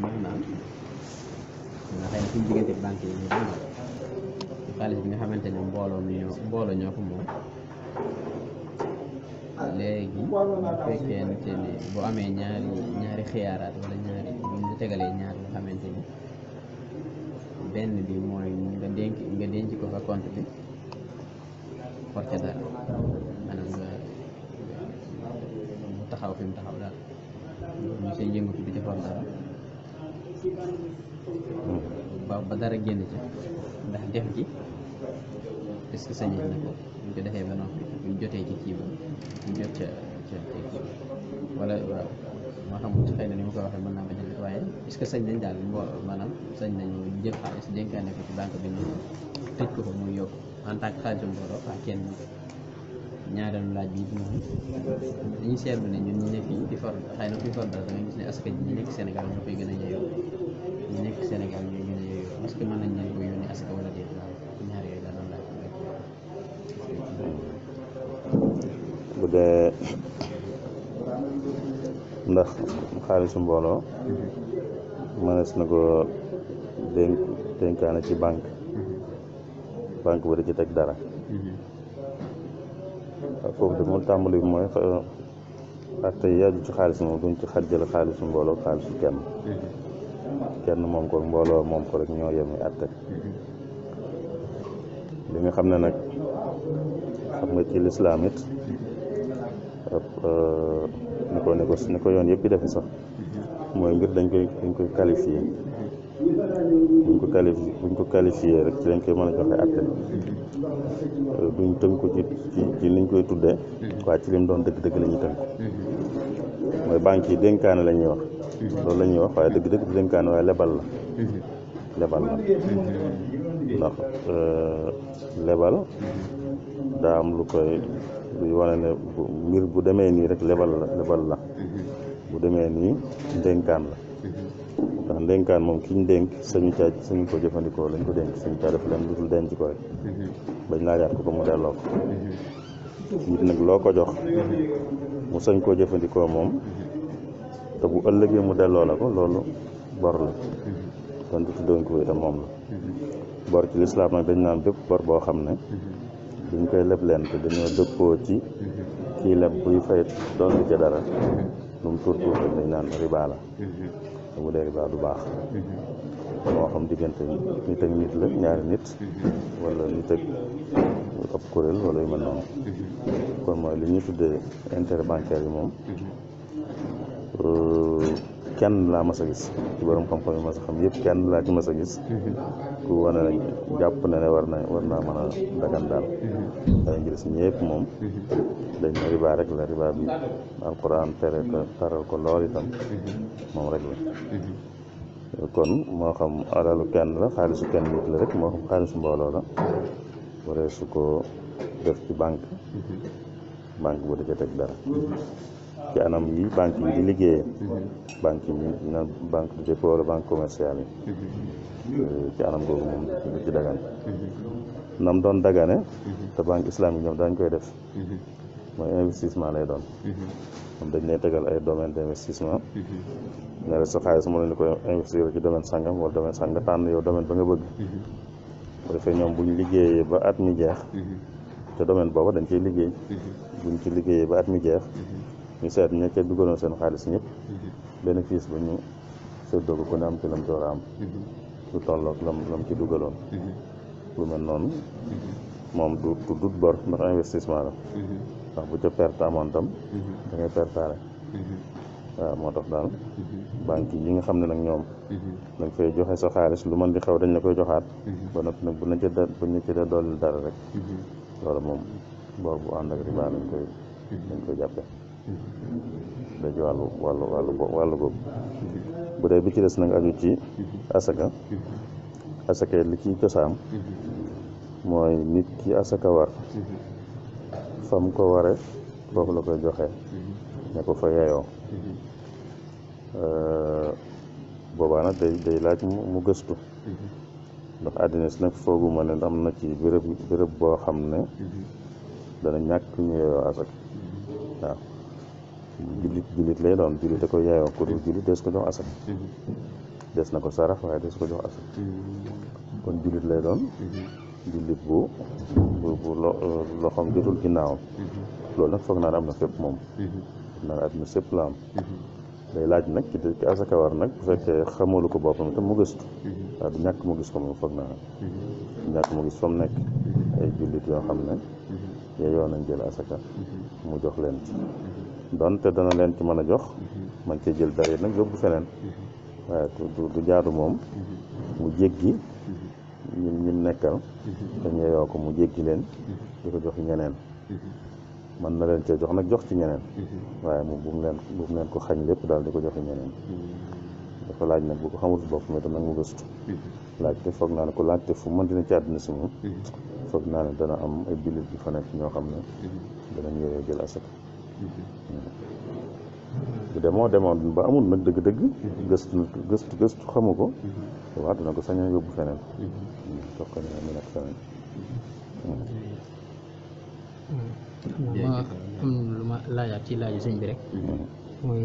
mën na am nga xëy na suñu diggante banque yi ñu dund xaalis bi nga xamante ni mbooloo mi ñoo mbooloo ñoo ko moom léegi bu fekkente ne bu amee ñaari ñaari xiyaaraat wala ñaari bu tegalee ñaar nga xamante ni benn bi mooy nga denc nga denc ko fa compte bi for ca dara maanaam nga mu taxaw fi mu taxaw daal ñu see yëngatu bi ci for dara waaw ba dara génn ci ndax def ji est que sañee na ko ñu ko defee ba noppi ñu jotee ci kii ba ñu jot ca ca kii wala waaw moo xam xëy na ni mu ko waxee mën naa bañ a waaye est que sañ nañ daal mbool maanaam sañ nañu jël xaalis dénkaane ko ci banque bi ñu tëj ko fa muy yóbbu en tant que xaalisum mbooloo ak kenn ñaareelu laaj bi mooy dañuy seetlu ne ñun ñi nekk fii for xëy na for da nga gis ne askan ñi nekk Sénégal ñoo koy gën a ñi nekk Sénégal ñooy gën a yeyoo que mën nañ leen ko yónnee askan wala déet daal ñaar yooyu la doon laaj bu ndax na ko ci dara foofu de moom tàmbali bi mooy euh, atte yaaju ci xaalis moom duñ ci xajjal xaalisu mbooloo xaalisu kenn mm-hmm. kenn moom ko mbooloo moom ko rek ñoo yemi atte mm-hmm. li nga xam ne nag xam nga ci lislaam it mm-hmm. euh, ni ko ni ko ni ko yoon yëpp yi defe sax mooy mbir dañ koy dañ koy bu ko qualifié buñ ko qualifié rek ci lañ koy mën a joxe atte duñ euh, tënk ko ci ci ci koy tuddee mm-hmm. waaye ci lim doon dëgg-dëgg la ñuy tënk mm-hmm. mooy banque yi dénkaane lañuy ñuy wax mm-hmm. loolu la wax waaye dëgg-dëgg du dénkaane waaye lebal la lebal la ndax euh, lebal daa lu koy luy wane ne mbir bu demee nii rek lebal la lebal la bu demee nii dénkaan la ndax ndénkaan moom ki ñu dénk sañu caa sañu ko jëfandikoo lañ ko dénk sañu caa def leen lu dul denc ko rek mhm. bañ laajaat ko ba mu delloo ko mhm. nit nag loo ko jox mhm. mu sañ koo jëfandikoo moom te bu ëllëgee mu delloo la ko loolu bor la kon du tuddoon moom bor ci lislaam dañ naan bépp bor boo xam ne koy leb leen te dañoo dëppoo ci kii leb buy fay doon ci dara lu mu tuur dañ naan riba la te bu dee riba du baax mm-hmm. moo xam diggante nit ak nit la ñaari nit mm-hmm. wala nit ak ab kuréel wala yu mel noonu mm-hmm. kon mooy li ñuy tuddee intérêt bancaire yi moom euh, kenn laa mas a gis ci borom xam-xam yi mas a xam yëpp kenn laa ci mas a gis ku wane ne jàpp na ne war na war naa mën a dagan daal waaye ngir si moom dañ ne riba rek la riba bi alquran tere ko taral ko lool itam moom rek la kon moo xam alalu kenn la xaalisu kenn nit la rek moo xam xaalisu mbooloo la waree su ko def ci banque banque bu def teg dara ci anam yi banque yi di liggéeyee banque yi na banque de dépôt wala banque commerciale yi ci anam googu moom du doon dagane te banque islamique ñoom daañ koy def mooy investissement lay doon moom dañ lay tegal ay domaine d' investissement ne la sa xaalis mu ne koy investir ci domaine sangam wala domaine sangam nga tànn yow domaine ba nga bëgg bu defee ñoom buñ liggéeyee ba at mi jeex te domaine booba dañ ciy liggéey buñ ci liggéeyee ba at mi jeex ñu seet ña ca dugaloon seen xaalis ñëpp bénéfice ba ñu seddoo ko ku ne am ci lam a am lu tolloog lam lam ci dugaloon mm-hmm. lu mel noonu mm-hmm. moom du du bor ndax investissement la mm-hmm. ndax bu ca perte amoon tam da ngay pertaale waaw moo tax daal banque yi nga xam ne nag ñoom dañ fay joxe sa xaalis lu man di xew dañ la koy joxaat ba noppi nag bu na ca da bu na ca da dara rek loolu moom bor bu ànd ak lañ koy jàppe tuddee ci wàllu wàllu wàllu wàllu boobu bu dee bi ci des nag aju ci asaka asaka li ci cosaan mooy nit ki asaka war fam ko ware foofu la koy joxe ne ko fa yeyoo boobaa nag day day laaj mu gëstu ndox àddina si nag fooguma ne am na ci béréb béréb boo xam ne dana ñàkk ñu yeyoo asaka waaw jullit jullit lay doon jullit da koy yaayoo ko dul jullit des ko jox asaka des na ko sarax waaye des ko jox asaka kon jullit lay doon jullit bu bu bu loxoom jotul ginnaawam loolu nag foog naa ne am na fépp moom foog naa ne àdduna sépp la am day laaj nag ci ci asaka war nag bu fekkee xamalu ko boppam itam mu gëstu waaw du ñàkk mu gis ko foog naa du mu gis fa mu nekk ay jullit yoo xam ne yeyoo nañ jël asaka mu jox leen donte dana leen ci mën a jox man mhm. cee jël dara nag yóbbu feneen mhm. waaye du jaadu moom mhm. mu jéggi ñun ñim nekkal te ko mu jéggi leen di ko jox ñeneen man na leen cee jox nag jox ci ñeneen waaye mu bu mu leen bu ko xañ lépp daal di ko joxe ñeneen dafa laaj nag bu ko xamul bopp mi tam nag mu gëstu laajte foog naa ne ko laajte fu mën dina ci àddina si moom foog naa ne dana am ay bilit bi fa nekk ñoo xam ne danañ yoree jël asaka bu demoo ba amul nag dëgg-dëgg. gëstu gëstu gëstu xamu ko. waaw dina ko sañ a yóbbu feneen. jox ne mu nekk feneen. ma am lu ma laajaat ci laaju sëñ bi rek. mooy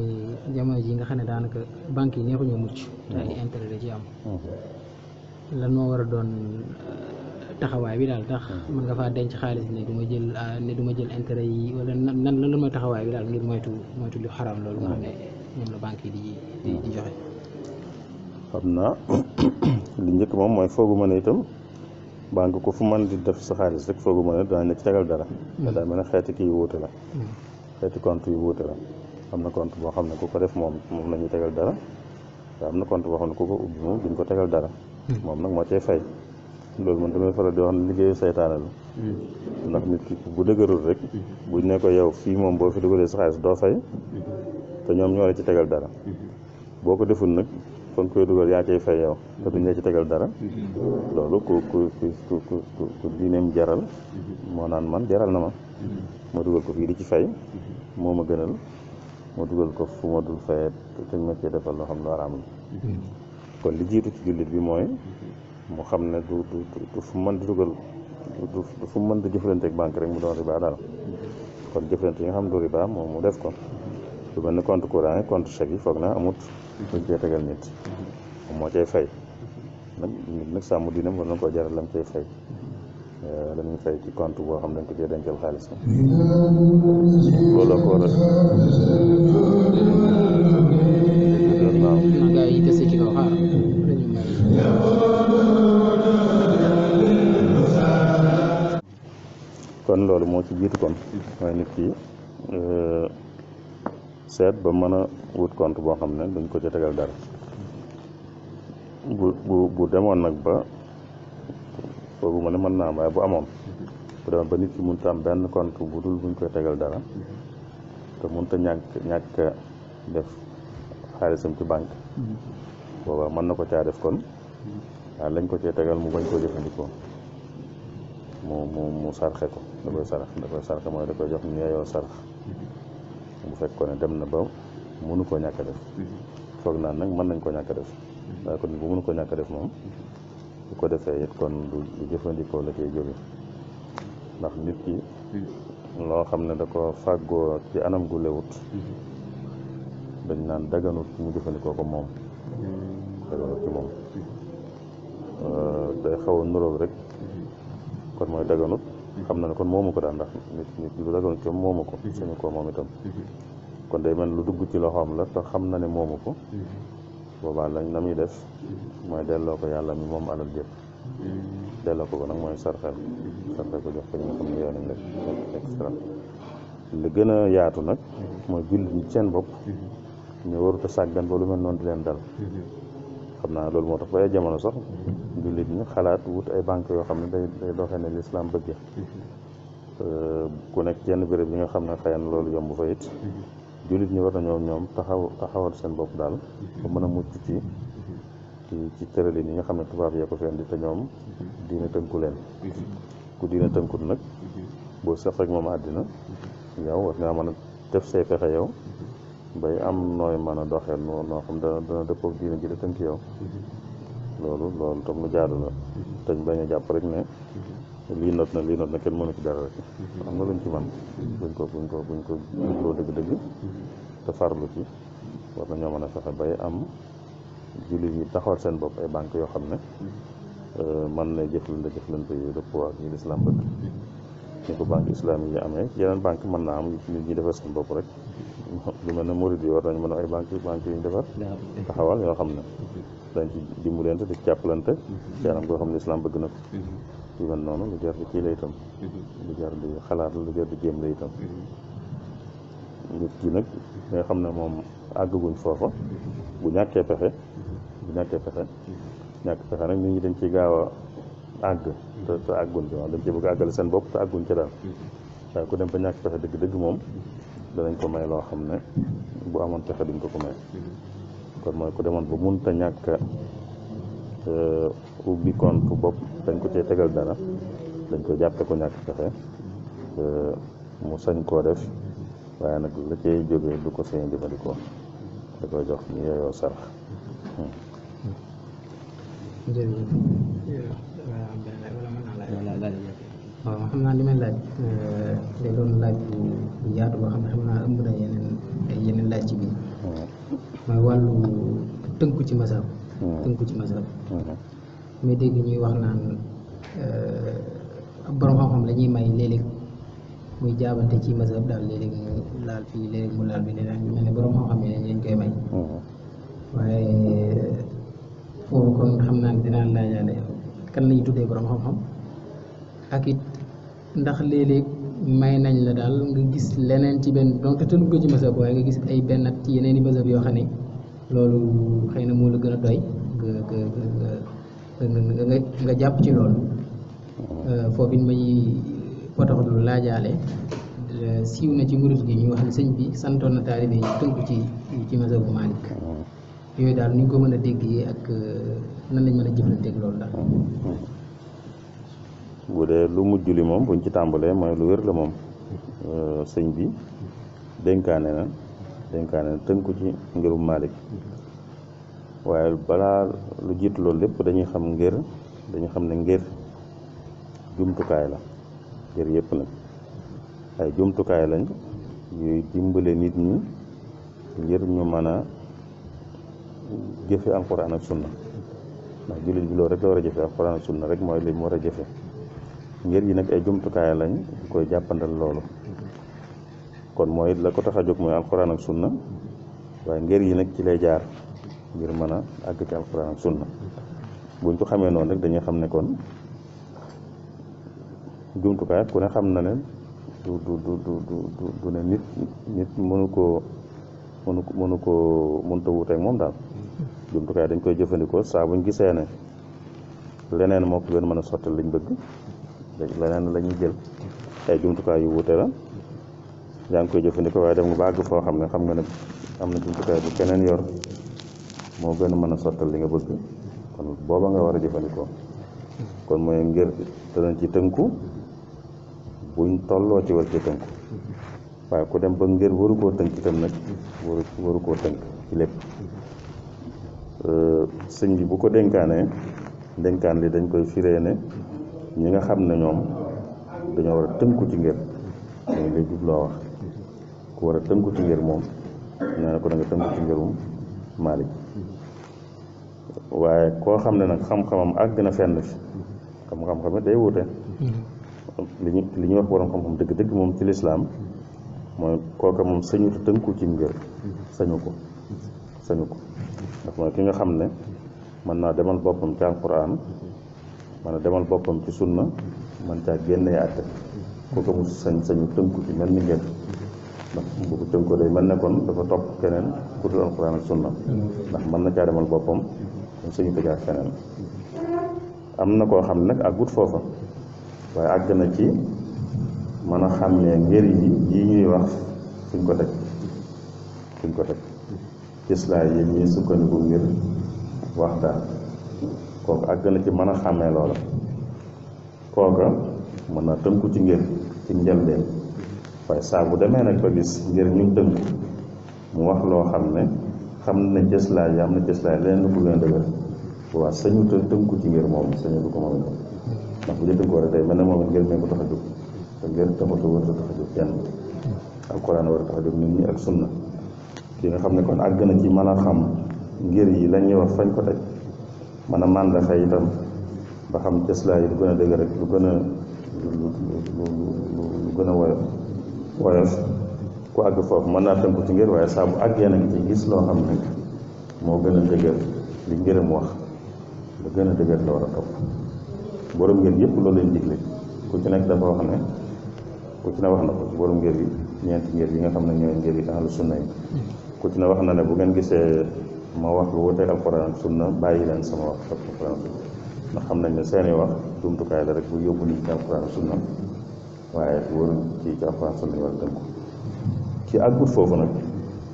jamono ji nga xam ne daanaka banques yi neexuñoo mucc. te ay intérêt da ci am. Mhm. lan moo war doon. taxawaay bi daal tax mën nga faa denc xaalis ne du ma jël ne du ma jël intérêt yi wala nan lan mooy taxawaay bi daal ngir moytu moytu lu xaram loolu nga xam ne moom la banque yi di di joxe. xam naa li njëkk moom mooy fooguma ne itam banque ko fu mën di def sa xaalis rek fooguma ne daañu la ci tegal dara. te daa mel ne xeeti kii wuute la. xeeti compte yu wuute la am na compte boo xam ne ku ko def moom moom la ñuy tegal dara te am na compte boo xam ne ku ko ubbi moom duñ ko tegal dara. moom nag moo cay fay. loolu man damay faral di wax ne liggéeyu saytaane la hmm. ndax nit ki bu dëgërul rek hmm. bu ne ko yow fii moom boo fi dugalee sa xaalis doo fay hmm. te ñoom ñoo la ci tegal dara boo ko deful nag kon koy dugal yaa cay fay yow te duñ ci tegal dara loolu ku ku jaral moo naan man jaral na ma ma ko fii di ci fay moo ma gënal ma dugal ko fu ma dul fay te ñu ma cee defal loo xam ne araam la kon li jiitu ci jullit bi mooy mu xam ne du du du fu mën di dugal du fu mën di jëflante ak banque rek mu doon riba daal kon jëflante yi nga xam du riba moom mu def ko lu mel ni compte courant yi compte chèque yi foog naa amut luñ cee tegal nit moo cay fay nag sàmm diinam war na koo jaral lam cay fay euh, la ñuy fay ci compte boo xam dañ ko cee dencal xaalis loolu ko war a kon loolu moo ci jiitu compte waaye nit ki euh, seet ba mën a wut compte boo xam ne duñ ko ca tegal dara bu bu bu demoon nag ba boobu ma ne mën naa waaye bu amoon bu ba nit ki mënut am benn compte bu dul buñ koy tegal dara te mënut a ñàkk ñàkk def xaalisam ci banque booba mën na ko caa def kon waaw lañ ko cee tegal mu bañ koo jëfandikoo mu mu mu sarxe ko da koy sarax da koy sarxe mooy da koy jox ñu yeyoo sarax bu fekkoon ne dem na ba mënu koo ñàkk a def foog naa nag mën nañ koo ñàkk a def waaye kon bu mënu koo ñàkk a def moom bu ko defee it kon du jëfandikoo la koy jóge ndax nit ki loo xam ne da ko fàggoo ci anam gu lewut dañ naan daganut mu jëfandikoo ko moom daganut ci moom Euh, day xaw a nuróog rek kon mooy daganut xam na ne kon moomu ko daal ndax nit nit lu daganut itam moomu ko mhm. suñu ko moom itam mhm. kon day mel lu dugg ci loxoom la te xam na ne moomu ko mhm. boobaa lañ na muy def mooy delloo ko yàlla mi moom alal jëpp delloo ko ko nag mooy sarxeel sarxeel ko jox ko ñi nga xam ne yow nañ rek extra gën a yaatu nag mooy jullit ñi seen bopp ñu warut a sàggan ba lu mel noonu di leen dal xam naa loolu moo tax ba jamono sax jullit ñu xalaat wut ay banque yoo xam ne day day doxee ne lislaam bëgg ku nekk yenn béréb yi nga xam ne xëy na loolu yomb fa it jullit ñi war na ñoom ñoom taxaw taxawal seen bopp daal ba mën a mucc ci ci tëralin yi nga xam ne tubaab yee ko fi indi te ñoom diine tënku leen ku diine tënkut nag boo sax rek moom àddina yow war ngaa mën def say pexe yow bay am nooy mën a doxeel noo noo xam dana dana dëppoog diine ji la tënk yow loolu loolu tam lu jaadu la teñ bañ a jàpp rek ne lii not na lii not na kenn mënu ci dara rek xam nga luñ ci man buñ koo buñ ko buñ ko jubloo dëgg-dëgg te farlu ci war na ñoo mën a fexe bay am jullit yi taxawal seen bopp ay banque yoo xam ne euh, mën na jëflante jëflante yu dëppoo ak yi lislaam bëgg ni ko banque islamique yi amee yeneen banque mën naa am nit ñi defar seen bopp rek lu mel ne murid yi war nañ mën a ay banque banque yu ñu defar taxawal yoo xam ne dañ ci dimbalante di jàppalante ci mhm. anam koo xam ne islam bëgg na ko mhm. yu mel noonu lu jar di kii la itam mhm. lu jar di xalaat lu jar di jéem la itam nit ki nag nga xam ne moom àggaguñ foofa bu ñàkkee pexe bu ñàkkee pexe ñàkk pexe nag nit ñi dañ ci gaaw a àgg te agun àggun ci waaw dañ ci bëgg a àggale seen bopp te àggun ci daal waaye ku dem ba ñàkk pexe dëgg-dëgg moom danañ ko may loo xam ne bu amoon pexe duñ ko ko may kon mooy ku demoon ba munta ñàkk ubbi compte bopp dañ ko cee tegal dara dañ ko jàppe ko ñàkk pexe mu sañ koo def waaye nag la cay jógee du ko sañ jëfandikoo da koy jox ñu yeyoo sarax jërëjëf wala xam naa li may laaj de doon laaj bu yaatu boo laaj ci biir tënku ci masab tënku ci masab muy dégg ñuy wax naan borom xam-xam la ñuy may léeg-léeg muy jaabante ci masab daal léeg mu laal fii léeg-léeg mu laal bi léeg ñu mel ne borom xam-xam yi lañ koy may waaye foofu kon xam naa ne dinaa laajaale kan tuddee borom xam-xam ak it ndax léeg-léeg may nañ la daal nga gis leneen ci benn donte te ci mazhab waaye nga gis ay benn ci yeneen i yoo xam ne loolu xëy na moo gën a doy nga jàpp ci loolu euh, foofu it may potoxlu laajaale euh, siiw na ci murid gi ñu wax sëñ bi santoon na tënku ci ci mazhabu Maalik yooyu daal ni ko mën a déggee ak euh, nan lañ mën a jëflanteeg loolu daal. bu dee lu mujj li moom buñ ci tàmbalee mooy lu wér la moom euh, sëñ bi dénkaane na denkaane na tënku ci ngirum Malik waaye balaa lu jiitu loolu lépp dañuy xam ngir dañu xam ne ngir jumtukaay la ngir yëpp nag ay jumtukaay lañ yuy dimbale nit ñi ngir ñu mën a jëfe alxuraan ak sunna ndax jullit bi loolu rek la war a jëfe alxuraan ak sunna rek mooy li mu war a jëfe ngir yi nag ay jumtukaay lañ koy jàppandal loolu kon mooy la ko tax a jóg ak sunna waaye ngir yi nag ci lay jaar ngir mën a ci alxuraan ak sunna buñ ko xamee noonu rek dañuy xam ne kon jumtukaay ku ne xam na ne du du du du du ne nit nit mënu koo mënu mënu koo mënta wuuteeg moom daal jumtukaay dañ koy jëfandikoo saa buñ gisee ne leneen moo ko gën mën a liñ bëgg léegi leneen la ñuy jël ay jumtukaay yu wuute la yaa ngi koy jëfandikoo waaye dem nga bàgg foo xam ne xam nga ne am na jumtukaay bu keneen yor moo gën a mën a sottal li nga bëgg kon booba nga war a jëfandikoo kon mooy ngir danañ ci tënku buñ tolloo ci war ci tënku waaye ku dem ba ngir waru koo tënk itam nag waru koo tënk ci lépp euh, sëñ bi bu ko dénkaanee dénkaan li dañ koy firee ne ñi nga xam ne ñoom dañoo war a tënku ci ngir dañu lay jubloo wax ku war a tënku ci ngir moom nee na ko da Maalik waaye koo xam ne nag xam-xamam àgg na fenn fi xam-xam it day wuute mm-hmm. li ñu li ñuy wax borom xam-xam dëgg-dëgg moom ci lislaam mooy kooka moom sañu tënku ci ngir mm-hmm. sañu ko sañu ko ndax mooy ki nga xam ne mën naa demal boppam ci alquran man a demal boppam ci sunna man caa génnee àtte kooku mu sañ sañu tënku ci mel ni ngeen ndax bu ko tënkoo day mel dafa topp keneen ku dul alxuraan ak sunna ndax mën na caa demal boppam kon sañu ko jaar feneen am na koo xam ne nag àggut foofa waaye àgg na ci mën a xàmmee njëriñ yi yi ñuy wax fuñ ko teg fuñ ko teg gis laa yi ñuy sukkandiku ngir waxtaan kooku àgg na ci mën a xàmmee loola kooka mën na tënku ci ngir ci njëlbeen waaye saa bu demee nag ba gis ngir ñu tënku mu wax loo xam ne xam ne cëslaay yi am na cëslaay leneen lu gën a dëgër waa ñu të tënku ci ngir moom sañu du ko moom itam ndax bu ñu tënkoo rek day mel ne moom it ngir mee ko tax a jóg te ngir taxatu war a tax a jóg kenn alquran war a tax a jóg nit ñi ak sunna ki nga xam ne kon àgg na ci mën a xam ngir yi la ñuy wax fañ ko teg mën a màndaxe itam ba xam cëslaay lu gën a dëgg rek lu gën a lu gën a woyof ku àgg foofu mën naa tënku ci ngir waaye saa bu àggee nag ci gis loo xam ne moo gën a dëgër li wax lu gën a dëgër la war a topp borom ngir yëpp loolu leen digle ku ci nekk dafa wax ne ku ne wax na ko ci borom ngir yi ñeenti ngir yi nga xam ne ñooy ngir yi ahlu sunna yi ku ne wax na ne bu ngeen gisee ma wax lu wutee alxuraan sunna bàyyi leen sama wax ak alxuraan sunna ndax xam nañ ne seeni wax jumtukaay la rek bu yóbbu nit ci alxuraan sunna waaye waru ci ci alxuraan sunna war a dënku ci àggut foofu nag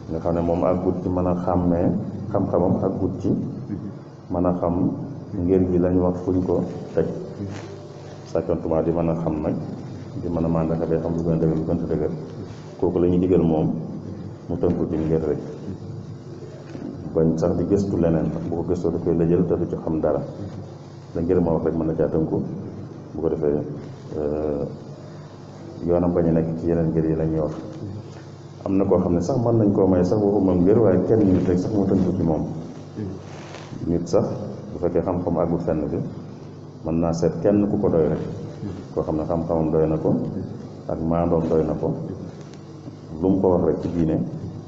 nga xam ne moom àggut ci mën a xàmmee xam-xamam gut ci mën a xam ngir gi lañ wax fuñ ko teg sàkkantumaa di mën a xam nag di mën a màndaka bee xam lu gën a dëgër lu gën a dëgër kooku la ñuy moom mu tënku ci rek bañ sax di gëstu leneen ndax bu ko gëstoo daf koy lëjël te du ci xam dara da ngir ma wax rek mën na caa tënku bu ko defee yoonam bañ a nekk ci yeneen ngir yi lañuy wax am na koo xam ne sax mën nañ koo may sax waxuma ngir waaye kenn nit rek sax mu tënku ci moom nit sax bu fekkee xam-xam àggul fenn fi mën naa seet kenn ku ko doy rek koo xam ne xam-xamam doy na ko ak maandoom doy na ko lu mu ko wax rek ci diine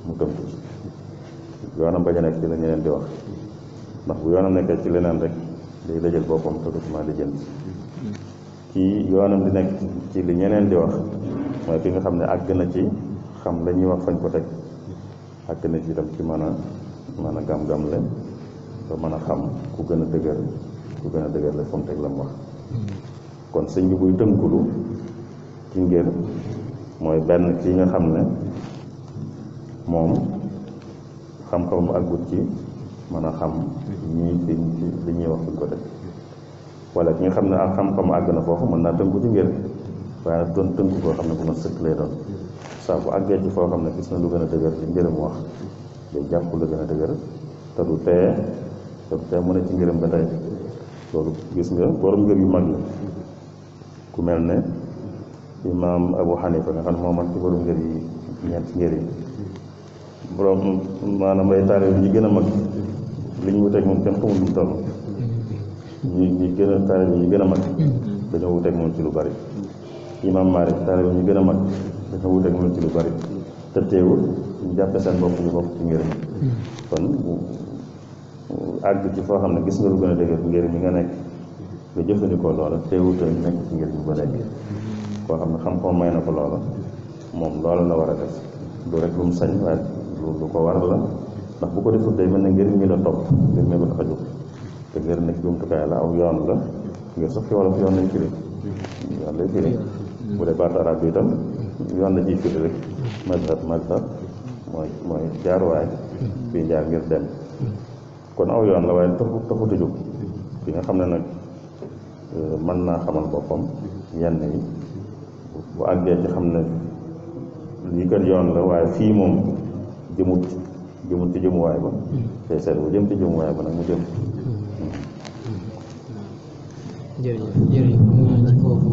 mu tënku ci yoonam bañ a nekk ci la ñeneen di wax ndax bu yoonam nekkee ci leneen rek day dajal boppam te document di kii yoonam di nekk ci li ñeneen di wax mooy ki nga xam ne àgg na ci xam la ñuy wax fañ ko teg àgg na ci itam ci mën a mën a gam-gam le te mën a xam ku gën a dëgër ku gën a dëgër la fa teg la mu wax kon sëñ bi buy tënkulu ci ngir mooy benn kii nga xam ne moom xam-xamam àggut ci mën a xam ñii ci li ñuy wax ko def wala ki nga xam ak xam-xam na foofu mën naa tënku ci ngir waaye nag doon tënku koo xam ne bu ma sëkk lay doon saa bu àggee ci foo xam ne gis na lu gën a dëgër ci ngërëm wax day jàpp lu gën dëgër te du tee te du tee mu ne ci ngërëm ba tey loolu gis nga borom yu mag la ku Abu Hanifa nga xam ne moo man ci borom yi yi borom maanaam ay taalibe ñi gën a mag li ñu wuteeg moom kenn xamul lu mu toll ñu gën a taalibe ñi gën a mag dañoo wuteeg moom ci lu bari imam Maalik taalibe ñi gën a mag dañoo wuteeg moom ci lu bari te teewul ñu jàppe seen bopp ñu bokk ci ngërëm kon àgg ci foo xam ne gis nga lu gën a dëgër ngërëm yi nga nekk nga jëfandikoo loola teewul te nekk ci ngërëm yi ba nekk koo xam ne xam-xam may na ko loola moom loola la war a def du rek lu mu sañ waaye lu ko waral la ndax bu ko defut day mel na ngir mi la topp ngir mi la tax jóg te ngir nekk jumtukaay la aw yoon la ngir sax ci wolof yoon lañ firi yoon lay firi bu dee baat arab yoon la ciy firi rek mazhab mazhab mooy mooy jaaruwaay fii jaar ngir dem kon aw yoon la waaye taxut taxut a jóg bi nga xam ne nag euh, mën naa xamal boppam yenn yi bu àggee ci xam ne lii kat yoon la waaye fii moom jëmut jëmut ci jëmuwaay ba hmm. tey seet bu jëm jëmuwaay ba nag mu jëm hmm. Hmm. jërëjëf jërëjëf mu ci foofu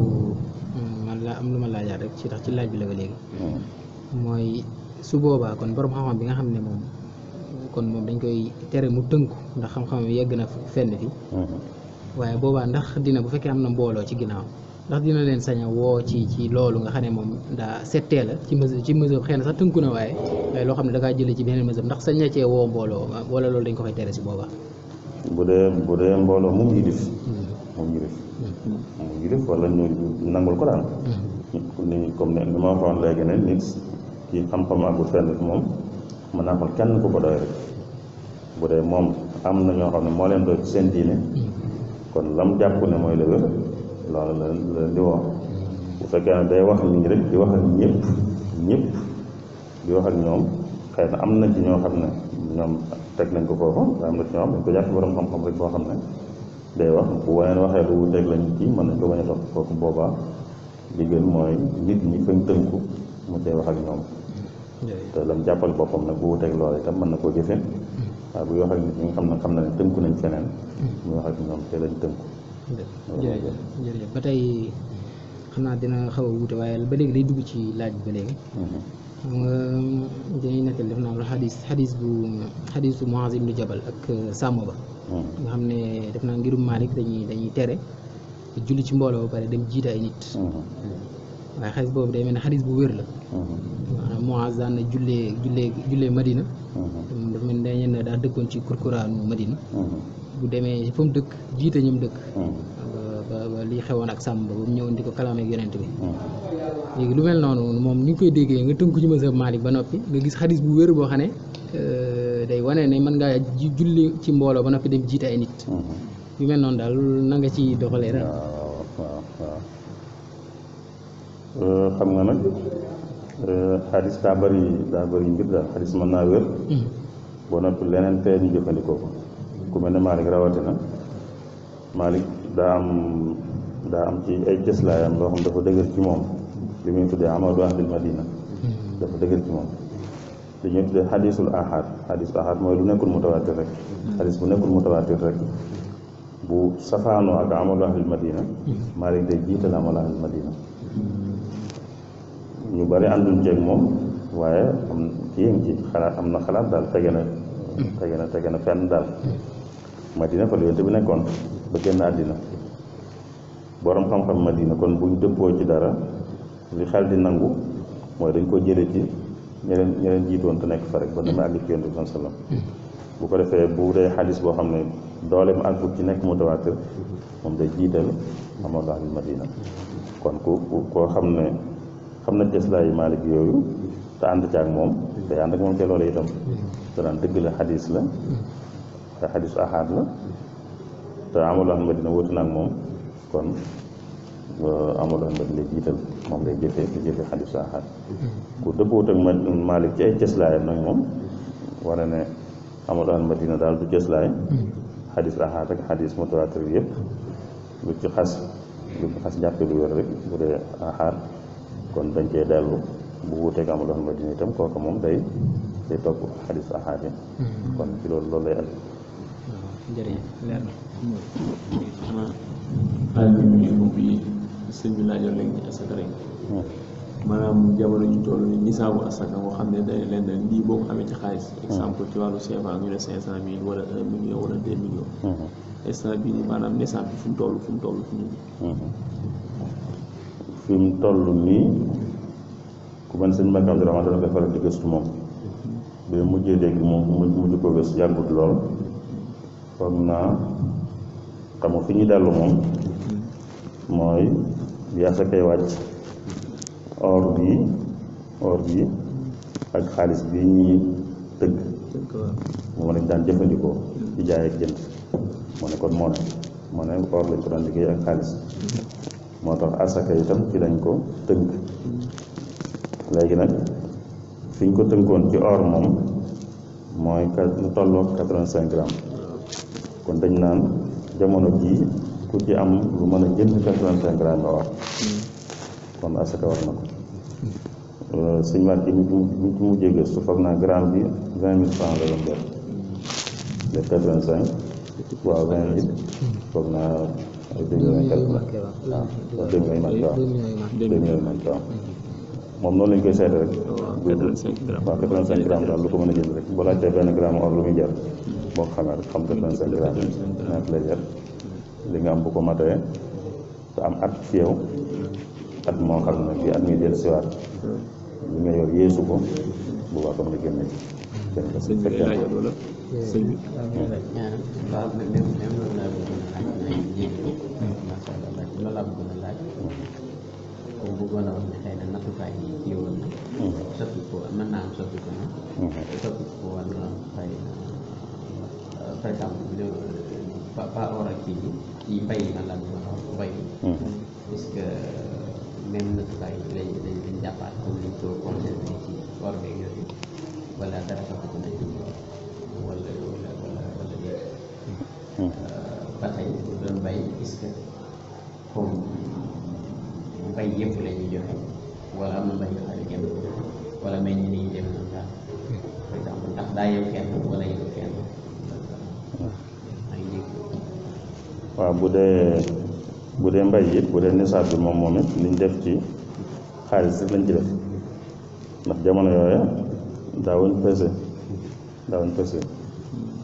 man laa am lu ma laajaat rek ci tax ci laaj bi la ba léegi mooy su boobaa kon borom xam-xam bi nga xam ne moom kon moom dañ koy tere mu tënku ndax xam-xam yegg na fenn fi waaye boobaa ndax dina bu fekkee am na mbooloo ci ginnaaw ndax dina leen sañ a woo ci ci loolu nga xam ne moom daa settee la ci mesure ci mesure xëy na sax tënku na waaye waaye loo xam ne da ngaa jëlee ci beneen mesure ndax sañ na cee woo mbooloo wala loolu dañ ko fay tere si booba bu dee bu dee mbooloo moom ñu def moom ñu def moom ñu def wala ñu nangul ko daal nit comme ne ni ma waxoon léegi ne nit kii xam-xam àggul fenn moom mën naa xool kenn ku ko doy rek bu dee moom am na ñoo xam ne moo leen doy ci seen diine kon lam jàpp ne mooy la wér loolu la leen di woo bu fekkee ne day wax nit ñi rek di wax ak ñëpp ñëpp di wax ak ñoom xëy na am na ci ñoo xam ne ñoom teg nañ ko foofu am na ci ñoo xam dañ ko jàpp borom xam-xam rek boo xam ne day wax bu waneen waxee lu wuteeg lañ ci mën nañ ko bañ a topp kooku boobaa li gën mooy nit ñi fañ tënku mu cay wax ak ñoom te lam jàppal boppam nag bu wuteeg loolu itam mën na koo jëfe waaye buy wax ak nit ñi nga xam ne xam na ne tënku nañ feneen muy wax ak ñoom te lañ tënku jërëjëf ba tey xam naa dina xaw a wuute waaye ba léegi day dugg ci laaj bi ba léegi. xam nga dañuy nettali def naa la xadis xadis bu xadisu Muaz ibnu Jabal ak Sàmm ba. nga xam ne def naa ngirum Malik dañuy dañuy tere julli ci mbooloo ba pare dem jiite ay nit. waaye xadis boobu day mel ne xadis bu wér la. maanaam Muaz daan na jullee jullee jullee Madina. dafa mel ne dañu daa dëkkoon ci kurkuraanu Madina. bu demee fu mu dëkk jiite ñum dëkk hmm. ba ba lii xewoon ak sàmm ba di yonent bi hmm. léegi lu mel noonu moom ni koy déggee nga tënku ci mazhab Malik ba noppi nga gis bu euh, day julli ci ba dem jiite ay nit hmm. yu mel noonu daal na nga ci doxalee rek waaw euh, xam nga nag euh, xadis daa bëri mbir ñu ko ku mel ne Malick rawatina Malick daa am daa am ci ay cëslaayam loo xam dafa dëgër ci moom li muy tuddee amadu ahlil madina hmm. dafa dëgër ci moom li ñuy tuddee xadisul ahad xadisul ahad mooy lu nekkul mutawaatir rek xadis hmm. bu nekkul mutawaatir rek bu safaanoo ak amadu ahlil madina hmm. Malick day jiital amadu ahlil madina ñu bari ànduñ ceeg moom waaye am kii ngi ci xalaat am na xalaat daal tege na tege na tege na fenn daal madina fa la yonte bi nekkoon ba génn àddina borom xam-xam madina kon buñ dëppoo ci dara li xel di nangu mooy dañ ko jële ci ñeneen ñeneen jiitoon te nekk fa rek ba dama àgg ci yonte bi ko defee bu dee xadis boo xam ne dooleem àggut ci nekk mutawaatir moom day jiital amoon ahli madina kon ku koo xam ne xam na teslaayu Maalik yooyu te ànd caag moom day ànd ak moom ca loolu itam danaan dëgg la xadis la waaye xadisu axaad la te amalu ahmad dina wóotu nag moom kon amalu ahmad lay jiital moom lay jëfee di jëfee xadisu axaad ku dëppoot ak ma ci ay cëslaayam moom war na ne amalu dina daal du cëslaay xadis axaad ak xadis mutawaatir yëpp lu ci xas lu ci xas jàppe lu wér rek bu dee axaad kon dañ cee dellu bu wuuteeg amalu ahmad dina itam kooku moom day day topp xadis axaad yi hmm. kon ci loolu lay ak jërëjëf leer na. bi mu ngi maanaam jamono ñu toll nii nisaabu asaka boo xam ne day leen lii boo ko amee ci xaalis exemple ci wàllu CFA ñu ne cinq cent mille wala un million wala deux millions instant nii maanaam nisaab bi fu mu toll fu mu toll fi mu toll nii ku man sëñ Mbacke Abdou Rahmane dana koy faral di gëstu moom ba mujjee léegi moom mujj ko gëstu yàggut lool kon naa xamu fi ñu dellu moom mooy bi asakay wàcc or bi or bi ak xaalis bi ñuy tëgg moom lañ daan jëfandikoo ci jaay ak jënd moo ne kon moo ne moo ne or lañ ko daan liggéey ak xaalis moo tax asaka itam ci lañ ko tënk léegi nag fi ko tënkoon ci or moom mooy lu tolloo kon dañ naan jamono jii ku ci am lu mën a jën quatre-vingt-cinq grammes nga mm. kon asaka war na ko euh, sëñ Màkki mi mu ci mujjee gëstu foog naa gramme bi vingt mille francs la doon foog naa ay deux millions quelque ah, waaw deux millions manqué waaw moom noonu lañ koy seete rek waaw quatre-vingt-cinq grammes daal lu ko mën a jënd rek boo benn gramme or lu muy jar boo xamee rek xam nga doon sa diraam nawet lay def li nga am bu ko matee te am at ci yow at moo xam ne bii at mi del siwaat li nga yor yeesu ko bu baax comme ni génne ci kenn ko si fekkee sëñ bi bu bëggoon a wax ne mm-hmm. xëy na nattukaay yi kii woon na soppi ko mën naa am soppi ko na soppi ko woon na xëy na pertama bila bapa orang kini ibai malam ibai iska hmm. memang terbaik dari dari pendapat kami itu konsentrasi orang yang boleh ada satu pun itu boleh boleh boleh boleh dia pakai itu dan baik iska kom baik dia boleh jujur boleh membaik hari ini boleh menjadi dia menang pertama hmm. tak daya kan boleh bu dee bu dee mbay it bu dee nisaab bi moom moom it liñ def ci xaalis rek lañ ci def ndax jamono yooyu daawuñ pese daawuñ pese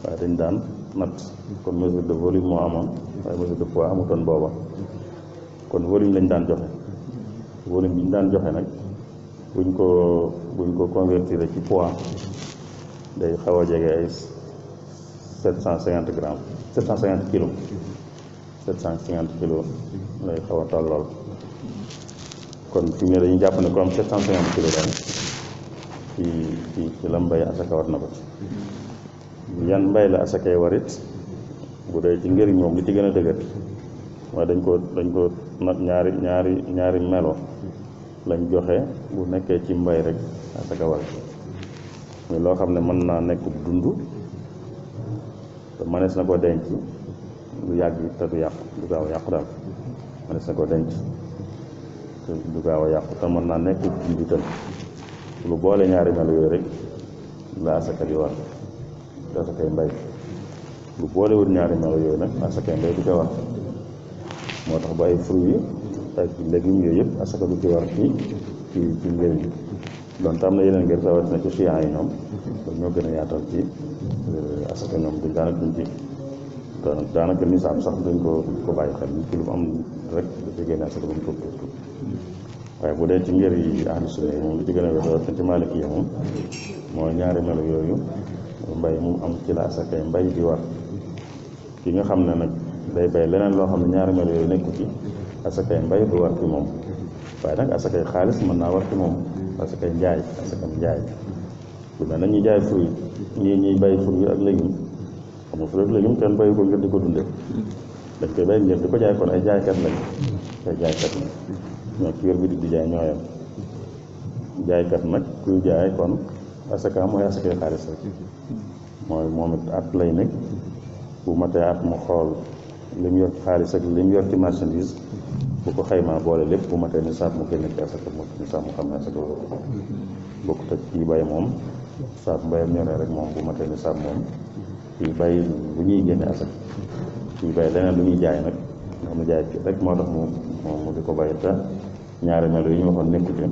waaye dañ daan natt kon mesure de volume moo amoon waaye mesure de poids amutoon booba kon volume lañ daan joxe volume bi ñu daan joxe nag buñ ko buñ ko convertir ci pois day xaw a jege ay sept cent cinquante grammes sept cent cinquante kilos 750 kilo, lay xaw a kon fi mu ne dañuy ne ku 750 kilos kan? daal ci ci ci la asaka war na ko yan mbay la asakay warit bu dee ci ngëriñ dañ ko dañ ko ñaari ñaari ñaari melo lañ joxe bu nekkee ci mbay rek asaka war muy loo xam mën naa nekk dund te na ko denc lu yàgg te du yàqu du gaaw a yàqu daal ma ne sa ko denc te gaaw a yàqu te mën naa nekk njiital lu boole ñaari melo yooyu rek la asaka di war da asakay mbay lu boole wut ñaari melo yooyu nag asakay mbay du ko war moo tax ba ay fruit yi ak légumes yooyu yëpp asaka du ci war ci ci ci njëriñ donte am na yeneen ngir rawatina ci chiyan yi ñoom dañoo gën a yaatal ci euh, asaka ñoom duñ daanaka duñ ci kon daanaka nisaab sax dañ ko ko bàyyi xel nit ki lu mu am rek dafay génne asaka lu mu tuuti tuuti waaye bu dee ci ngir yi ahlu sunna moom li ci gën a moom mooy ñaari melo yooyu mbay mu am ci la asakay mbay di war ki nga xam ne nag day bay leneen loo xam ne ñaari melo yooyu nekku ci asakay mbay du war ki moom waaye nag asakay xaalis mën naa war ci moom asakay njaay asakam njaay lu mel na ñuy jaay fruit ñii ñuy bay fruit ak légume xam nga fleur légume kenn bàyyi ko ngeen di ko dundee dañ koy bàyyi ngeen di ko jaay kon ay jaaykat lañ ay ñoo ki yor bi di jaay ñooyam jaaykat nag kon asaka mooy asakay xaalis rek mooy moom it at lay nekk bu matee at mu xool li mu yor ci xaalis ak yor ci marchandise bu ko xaymaa boole lépp bu matee ni saab mu génne ci asaka mu ni saab mu xam ne asaka bokk te kii bay moom saab mbayam ñoree rek moom bu matee ni saab moom ñu bàyyi bu ñuy génne asaka ñu bàyyi leneen lu ñuy jaay nag nga xam ne jaay rek moo tax moom mu di ko bàyyi te ñaari melo yi ñu waxoon nekku ci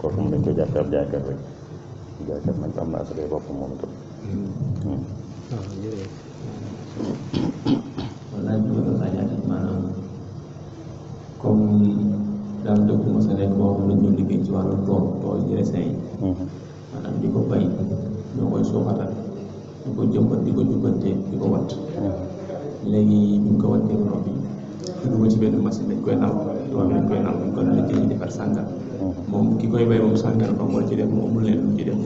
kooku moom dañ ko jàppe ab jaaykat ma laajaat maanaam daal dëkk mos a nekk boo xam ne ñu liggéey ci wàllu tool tool yi raisin yi maanaam di ko bay ñoo koy suuxatal di ko jëmbat di ko jubbante di ko watt léegi bu ñu ko wattee ba noppi dugg ci benn machine dañ koy nal doom dañ koy nal kon la jël ñu defar sàngar moom ki koy bay moom sàngar ba moo ci def moom amul leen lu ci def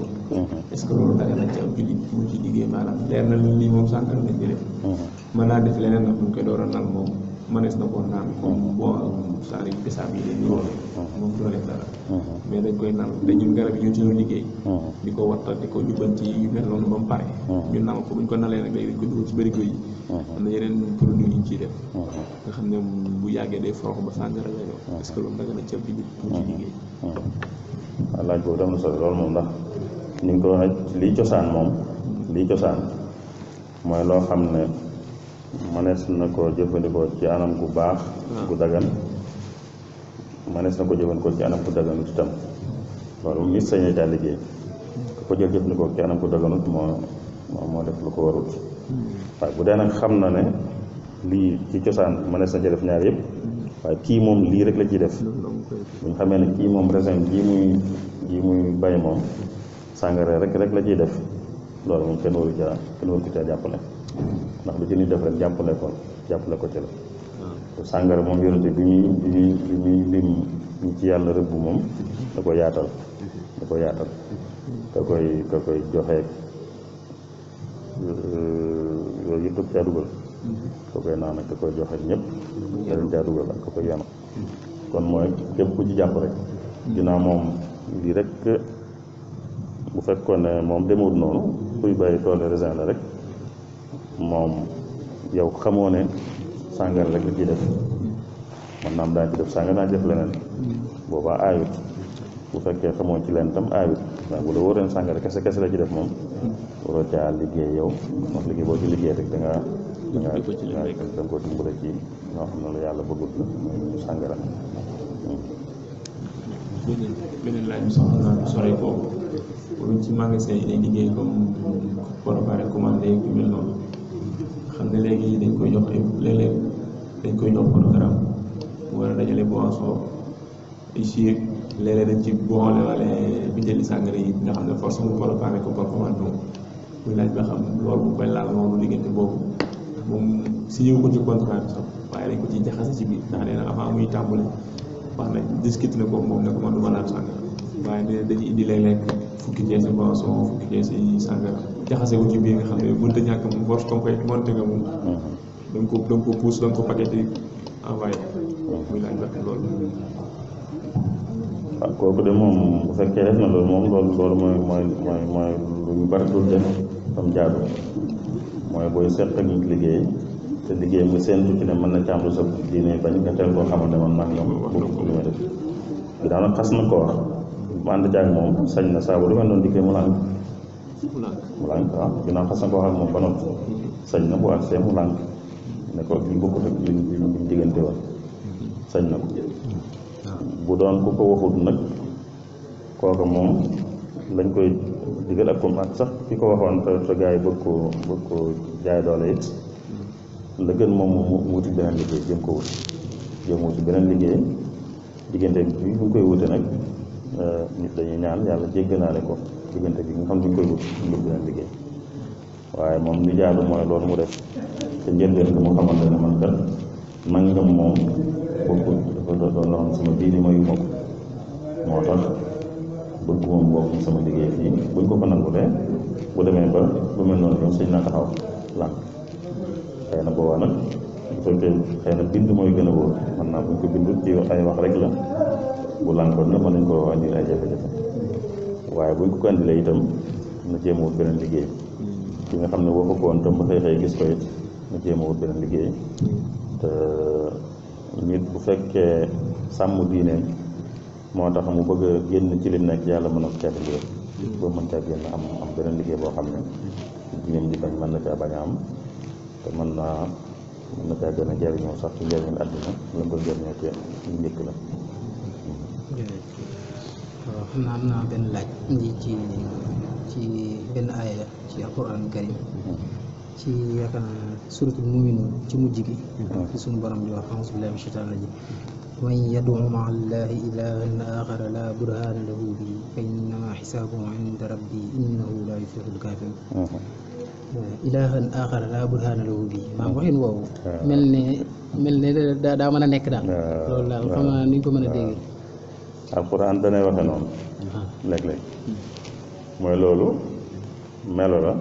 est-ce que loolu daga nañ ci ab jullit mu ci liggéey maanaam leer def mhm. mën naa def leneen nag bu ñu koy door a moom mënees na koo naan comme boo am saari bisaab yi leen ñuy mm-hmm. moom doo def dara mm-hmm. mais dañ koy naan te ñun garab yi ñun suñu liggéey mm-hmm. di ko wattal di ko jubbanti yu mel noonu ba mu pare ñu naan ko bu ñu ko nalee nag léegi dañ ko dugal ci bërigo yi am na yeneen produit yi ciy def nga xam ne bu yàggee day forox ba sàngara lay doon que loolu daga na ceeb bi ñu ci solo loolu moom la ni nga ko waxee lii cosaan moom lii cosaan mooy loo xam ne manees na ko jëfandikoo ci anam gu baax ah. gu dagan manees na ko jëfandikoo ci anam gu daganut itam loolu nit sañee caa liggéey ko jëf jëfandikoo ci anam gu daganut moo moo moo def lu ko warut hmm. waaye bu dee nag xam na ne lii ci cosaan manees na ca def ñaar yëpp waaye kii moom lii rek la ciy def buñ xamee raisin muy muy bay rek rek la def kenn kenn ndax lu ci nit def rek jàppale ko jàppale ko ci la sàngara moom yonente bi muy bi muy bi muy lim ñu ci yàlla rëbb moom da ko yaatal da ko yaatal da koy koy joxe euh, yooyu yëpp daf caa dugal mhm. ko da koy joxe ñëpp mhm. da leen ko koy yanu mhm. kon mooy képp ku ci jàpp rek ginnaaw moom lii rek bu fekkoon ne moom demewut noonu kuy bàyyi toole raisin la rek moom yow xamoo ne sàngar rek la ci def man naam daan ci def sàngar daan ci def leneen boobaa aayut bu fekkee xamoon ci leen tam aayut bu la wóoreen sàngara kese kese la ci def moom waroo caa liggéey yow wax liggéey boo ci liggéey rek da nga da da nga ko dimbale ci loo xam ne la yàlla bëggul mooy sàngara beneen ci magasin yi liggéey comme préparer commande yu mel xam ne léegi dañ koy jox ay léeg dañ koy jox programme mu war a dajale boisson ici léeg-léeg dañ ci boole wala bitéeli sàngara yi nga xam ne force mu programme ko par commande moom muy laaj xam loolu mu koy laal noonu boobu moom signé ko ci contrat bi sax waaye dañ ko ci jaxase ci ko moom ne ko man du ma naan sàngara waaye dañuy indi léeg-léeg fukki jees ak boisson fukki jees yi sàngara jaxase wu ci biir nga xam ne mënta ñàkk moom force comme que monte nga moom da nga ko da nga ko pousse da nga ko paquet di envoyé muy laaj bakk loolu waaw kooku de moom bu fekkee def na loolu moom loolu loolu mooy mooy mooy mooy lu ñu bari dul def tam jaadu mooy booy seq ak nit liggéey te liggéey nga séentu ci ne mën na càmm sa diine bañ nga teel koo xamante man nag ñoom bokk li def bi daanaka na ko wax mu ànd jaag moom sañ na saabu lu mel noonu dikkee mu lànk mu lànk waaw ah, xas na ko wax moom ba noppi sañ na bu àgsee mu lànk ne ko li ak li ñu diggante woon sañ na ko bu doon ku ko waxut nag kooka moom lañ koy digal ak comme ak sax ki ko waxoon te te gars yi bëgg koo bëgg koo jaay doole it la gën moom mu wuti beneen liggéey jëm ko wut jëm wuti beneen liggéey diggante bi bu koy wute nag Euh, nit dañuy ñaan yàlla jéggalaale ko diggante bi nga xam ne koy wut ngir dina liggéey waaye moom li jaadu mooy loolu mu def te njëlbeen nga mu xamante ne man kat nangam moom bokku dafa doon loo xam ma ko moom bokk sama liggéey fii buñ ko ko nangulee bu demee ba lu mel noonu ñoom sëñ naa taxaw lànk xëy na boobaa nag bu fekkee xëy na bind mooy gën a wóor man naa buñ ko bindul ci ay wax rek la bu lànkoon na mën nañ koo andil ay jafe-jafe waaye buñ ko ko andilee itam na jéem a beneen liggéey ki nga xam ne woo ko ko tam ba xëy gis ko na jéem a wut beneen liggéey te nit bu fekkee sàmm diineem moo tax mu bëgg a génn ci li nekk yàlla mën a ko caa liggéey boo mën caa génn am am liggéey boo xam ne diineem ji bañ mën na caa bañ a am te mën naa mën na caa gën a jariñoo sax ci njëriñu àdduna la ko jariñoo ci njëkk la waaw na naa am naa benn laaj indi ci ci benn aaya ci alquran karim ci yaakaar naa ci mujj gi fi mhm. suñu borom di wax auzu billahi min rajim man yadu ma allahi ilahan la burhana lahu bi fa innama la yuflihul mhm. lahu bi maam waxin woowu mel ne mel ne daa daa a nekk daal loolu daal ko mën a alxuraan danay waxe noonu léeg-léeg mooy loolu melo la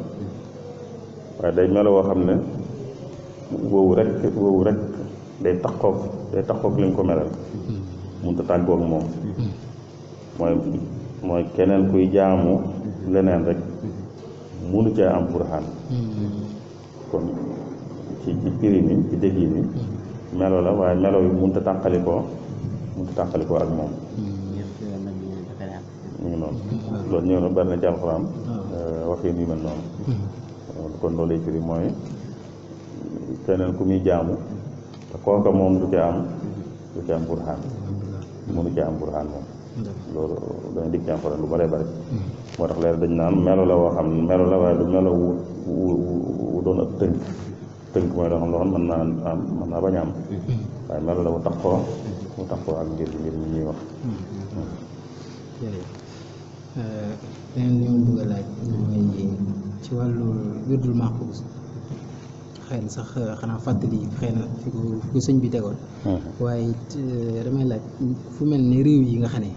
waaye day melo woo xam ne woowu rek woowu rek day taxoog day taxoog lañ ko melal mënut mhm. a tàggoog moom mhm. mooy mooy keneen kuy jaamu leneen rek munu cee am burhaan mhm. kon ci ci piri mi ci dégg mi melo la waaye melo yi mënut a tàqalikoo mënut a tàqalikoo ak moom mu ngi noonu loolu ñëw na bari na ci alxuraan euh, waxee nii mel noonu euh, kon loolu lay firi mooy keneen ku muy jaamu kooka moom du ca am du ca am burhaan mënu ca am burhaan moom loolu dana dikk ci alxuraan lu bare bare moo tax leer dañ naan melo la woo melo la waaye du melo wu wu doon tënk tënk mooy loo xam loo xam mën naa am naa bañ am waaye melo la wu tax ko mu tax ko ak njëriñ njëriñ ñuy wax leneen euh, li ma laaj mooy ci wàllu wirdul maxfuus xëy na sax euh, xanaa fàttali xëy na fi ko sëñ bi tegoon mhm. waaye euh, damay laaj fu mel ne réew yi nga xam ne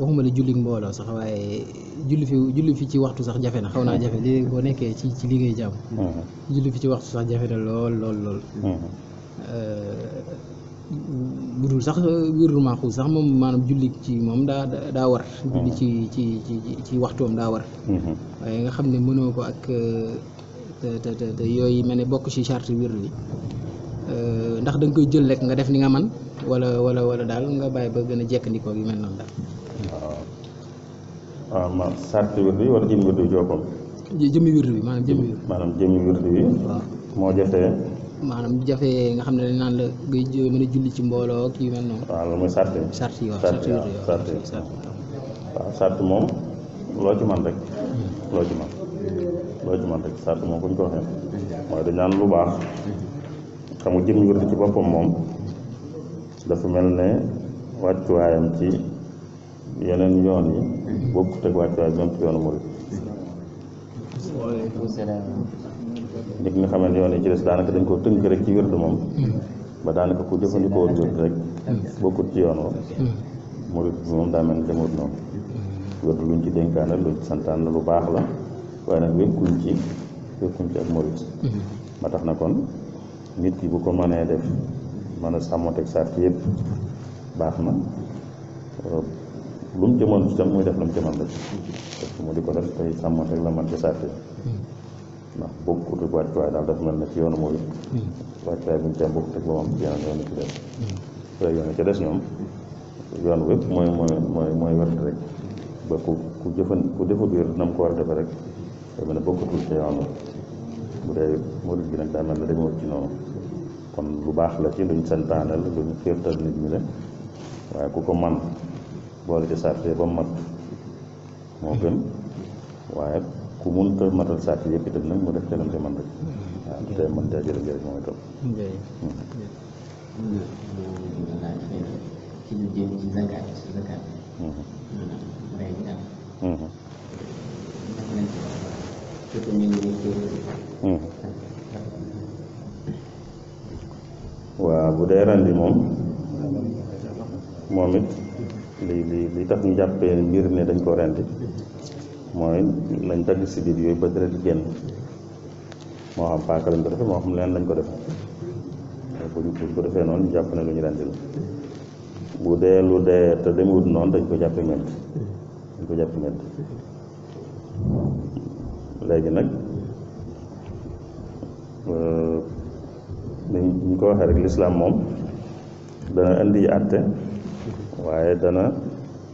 waxuma la julli mbooloo sax waaye julli fi julli fi ci waxtu sax jafe na xaw naa jafe li boo nekkee ci ci liggéey jàmm mhm. julli fi ci waxtu sax jafe na lool lool mhm. budul sax wirdul maaxuus sax moom maanaam julli ci moom daa daa war mm-hmm. julli ci ci ci ci waxtoom daa war mm-hmm. waaye nga xam ne mënoo ko ak euh, te te te yooyu mel ne bokk ci charte wird bi euh, ndax da koy jël lekk nga def ni nga man wala wala wala daal nga bàyyi ba gën a jekkandikoo gi mel noonu daal waaw ah. ah, ma charte wird bi wala jëmmi wird bi joppam jëmmi wird bi maanaam jëmmi wird moo jotee maanaam jafe nga xam ne dañ naan la ngay jiw a julli ci mbooloo kii yu mel noonu. waaw loolu mooy sart yi. sart yi waaw sart moom loo ci man rek. Hmm. loo ci man rek sart moom bu ñu ko mooy naan lu baax. xam nga jëm moom dafa mel ne wàccuwaayam ci yeneen yoon yi bokkut ak wàccuwaay bi même ci yoonu murid. li nga xamante ne yoon yi ci des daanaka dañ koo tënk rek ci wérdu moom ba daanaka ku jëfandikoo wérdu rek bokkut ci yoon wa murit bi moom daa mel ni demut noonu wérdu luñ ci dénkaan la santaan la lu baax la waaye nag wékkuñ ci wékkuñ ci ak murit ma tax na kon nit ki bu ko mënee def mën a sàmmonteeg sart yëpp baax na lu mu jëmoon ci tam muy def lu mu jëmoon rek mu di ko def tey sàmmonteeg la man ci sart ndax bokkut ak wàccuwaay daal dafa mel ne ci yoonu mooy hmm. wàccuwaay bu ñu ci am bokkut ak moom yoon ci hmm. mooy mooy ba ku ku jëfan ku defut wér mu ko war a rek day mel ne bokkatul ca yoon bu dee murid bi nag kon lu baax la ci luñ santaanal luñ féertal nit waaye ku ko man boole ci sarte ba mu mat moo gën waaye ku ko matal saa kita yëkk itam nag mu def jëlam te man rek waaw te mën bu rendi moom moom li li li tax ñu jàppee mbir ne dañ ko rendi mooy lañ dagg si biir yooyu ba deret génn moo xam paaka lañ ko defee moo xam leen lañ ko defee bu defee noonu jàpp ne lu ñu rendi la bu dee lu dee te demewut noonu dañ ko jàppe medd dañ ko jàppe medd léegi nag euh, ni ñu ko waxee rek lislaam moom dana indi àtte waaye dana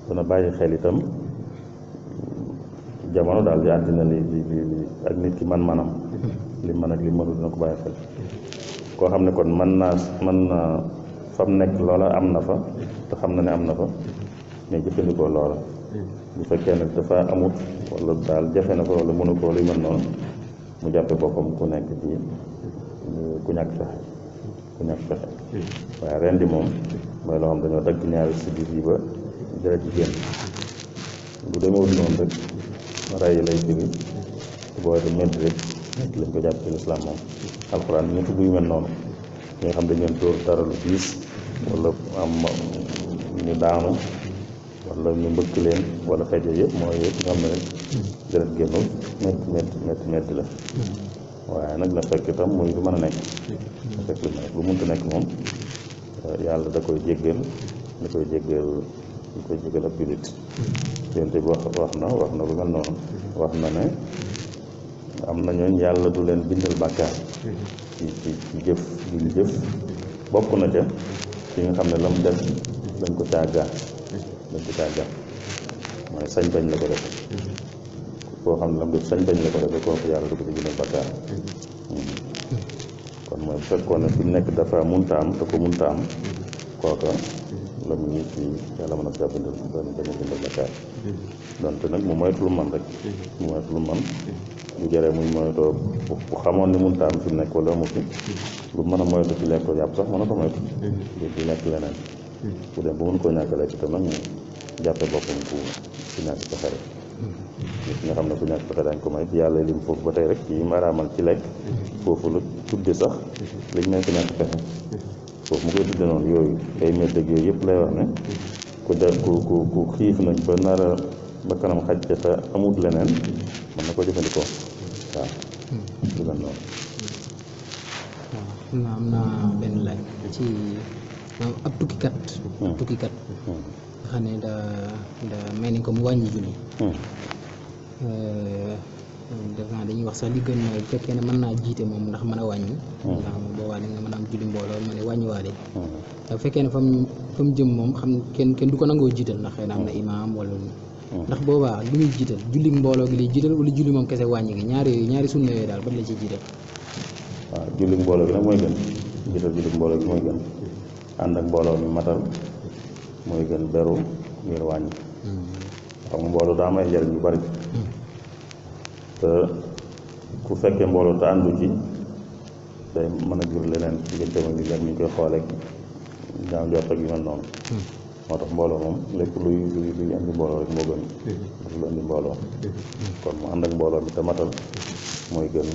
dana bàyyi xel itam jamono daal di àddina li li li ak nit ki man manam li man ak li mënul dina ko bàyyi xel koo xam ne kon man naa man naa fam nekk loola am na fa te xam na ne am na fa mais jëfandikoo loola bu fekkee ne dafa amut wala daal jafe na ko wala mënu ko lu mën noonu mu jàppe boppam ku nekk ci ku ñàkk fexe ku ñàkk fexe waaye ren di moom mooy loo xam dañoo dagg ñaari si biir yi ba dara ci génn bu demewut noonu rek ray lay firi boo dee ñeenti rek lañ ko jàpp ci lislaam moom alxuraan ñu tudd yu mel noonu ñi nga xam dañ leen dóor dara lu diis wala am ñu daanu wala ñu mbëkk leen wala xeet yooyu yëpp mooy yëpp nga xam ne deret génnul métti métti métti métti la waaye nag na fekk itam muy lu mën a nekk na fekk lu mën a nekk moom yàlla da koy jéggal da koy jéggal ñu koy jégal ab julit yonte bi wax wax na wax na lu mel noonu wax na ne am na ñooñ yàlla du leen bindal bàkkaar ci ci ci jëf yuñ jëf bokk na ca ci nga xam ne la mu def dañ ko càggaan dañ ko càggaan mooy sañ bañ la ko def koo xam ne sañ bañ la ko def kooku yàlla du ko ci bindal bàkkaar hmm. kon mooy fekkoon ne fi mu nekk dafa munta am te ko munta am kooka la mu ngi fii yàlla mën na caa bindal benn benn bindal lu man mm-hmm. mu moytu lu man bu mm-hmm. mm-hmm. xamoon ni mun taam fi nekk wala mu fi a moytu ci lekk yàpp sax mën a ko moytu di leneen bu dem koo ñàkk lekk itam nag mu jàppe boppam ku ku ñàkk pexe rek nga xam ne ku ñàkk pexe daañ ko may yàlla lim foofu ba tey rek yi maraamal ci lekk foofu la tudde sax liñ nekk ñàkk pexe foofu mu koy tudde noonu yooyu ay mel yooyu yëpp lay wax ne ku def ku ku ku xiif nag ba nar a ba kanam xaj ca te amut leneen mën na ko jëfandikoo waaw lu mel noonu waaw am naa benn laaj ci ab tukkikat hmm. tukkikat hmm. nga xam ne da da mel ni ko mu wàññi julli hmm. euh, Euh, def naa dañuy wax sax li gën mooy fekkee ne mën naa jiite moom ndax mën a wàññi hmm. ndax moom nga am julli mbooloo mën a wàññiwaale ndax hmm. fekkee ne fa jëm moom xam kenn kenn du ko nangoo jiital ndax xëy na na hmm. imaam wala ndax boobaa lu muy jiital julli mbooloo gi lay jiital wala julli moom kese wàññi gi ñaari yooyu ñaari daal ban la waaw julli mbooloo gi nag mooy gën jiital julli mbooloo gi mooy gën ànd ak mbooloo mi matal mooy gën beru ngir wàññi xam mbooloo daa may jëriñ yu bari ku fekkee mbooloo te àndu ci day mën a jur leneen diggante ma ngi leen ñu koy xoolee ñaaw njort ak yu mel noonu moo tax bolong moom lépp luy luy luy andi mbooloo rek moo gën ndax lu andi kon ak matal gën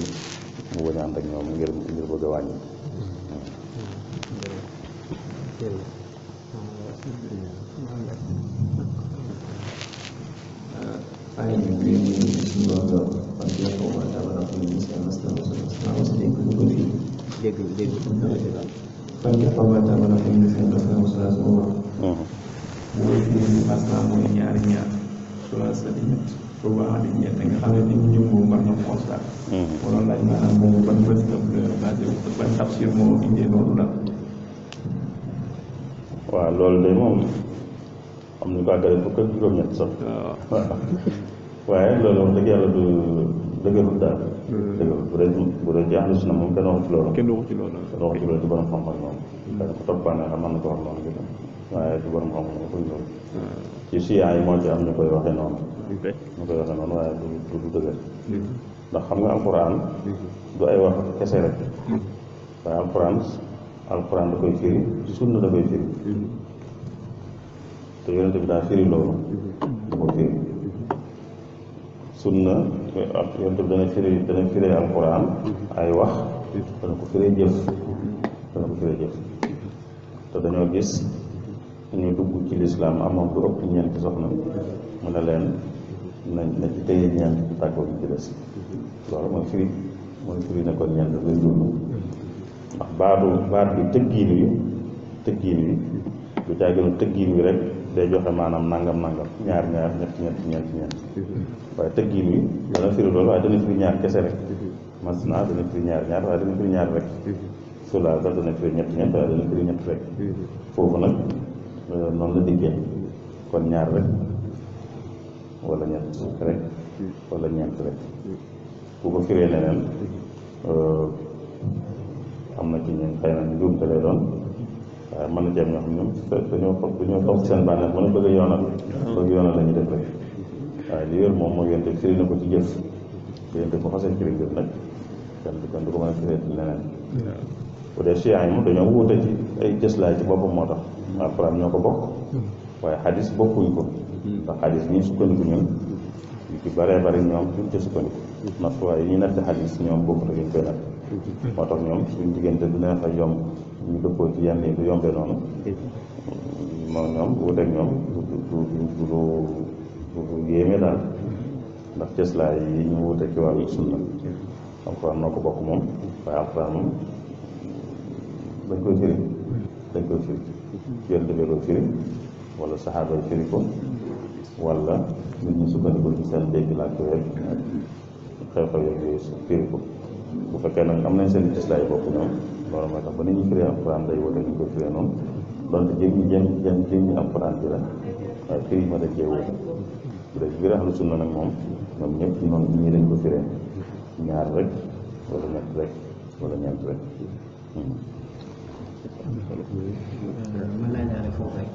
mu ak ngir ngir bëgg وإياكم وأتابعكم المسلم أسلم وسلم ñu ñëw mën na ko sax waaye loolu wax dëgg yàlla du dëgërut daal. Mm-hmm. dëgërut bu dee bu dee jaaxle na moom kenn waxu loolu. kenn waxu ci loolu du borom mm-hmm. xam moom. dana ko toppaan xam mën na ko wax noonu bi waaye mm-hmm. koy waxee noonu. ñu koy ndax xam nga alquran. du ay wax kese rek. waaye alquran alquran da koy firi sunna da koy firi. te yonente bi daa firi loolu. da ko firi. sunna ak yonte bi dana firi dana firi alquran ay wax dana ko firi jëf dana ko firi jëf te dañoo gis ñu dugg ci lislaam amoon bu ëpp ñeenti soxna mu ne leen na ci ci ci firi firi ne lay dund bi rek day joxe maanaam nangam nangam ñaar ñaar ñett ñett ñett ñett waaye tëggiin wi dana firi loolu waaye dana firi ñaar kese rek masna dana firi ñaar ñaar waaye dana firi ñaar rek sulaasa dana firi ñett ñett waaye dana firi foofu nag euh, noonu la dikkee kon ñaar rek wala ñett rek wala ñeent rek bu ko firee neneen euh, am na ci ñun xëy na njuumte lay doon waaw mën na ci am ñoo xam ne dañoo seen bànneex mën a bëgg a yoonal ah. bëgg yoonal waaye moom mooy yonte firi na ko ci jëf yonte ko xasee firi jëf nag kenn du kenn du ko mën a firi leneen bu dee chiites yi moom dañoo wuute ci ay moo tax mm. alxuraan ñoo ko bokk mm. waaye xadis bokkuñ ko mm. ndax xadis ñi sukkandiku ñun yu ci bari ñoom duñ ca sukkandiku ndax waaye yi ñu natt xadis ñoom bokkut ak ñu koy natt moo tax ñoom suñ diggante du neex a yomb ñu dëppoo ci yenn yi du yombe noonu moom ñoom wut ak ñoom du du du yéeme daal ndax cëslaay yi ñu wute ci wàllu sunna alxuraan noo ko bokk moom waaye alxuraan moom dañ koy firi dañ koy firi yonent bi wala saxaaba yi sukkandiku seen dégg laa ko yëpp bu fekkee nag am nañ seen cëslaay bopp ñoom loolu moo tax ba ni ñu firee alxuraan day wute ñu ko firee noonu donte jëm jëm jëm jëm alxuraan bi la waaye firi ma da cee wute bu dee biir ahlu sunna nag moom ñoom ñëpp noonu ñii lañ ko firee ñaar rek ma laajaale foofu rek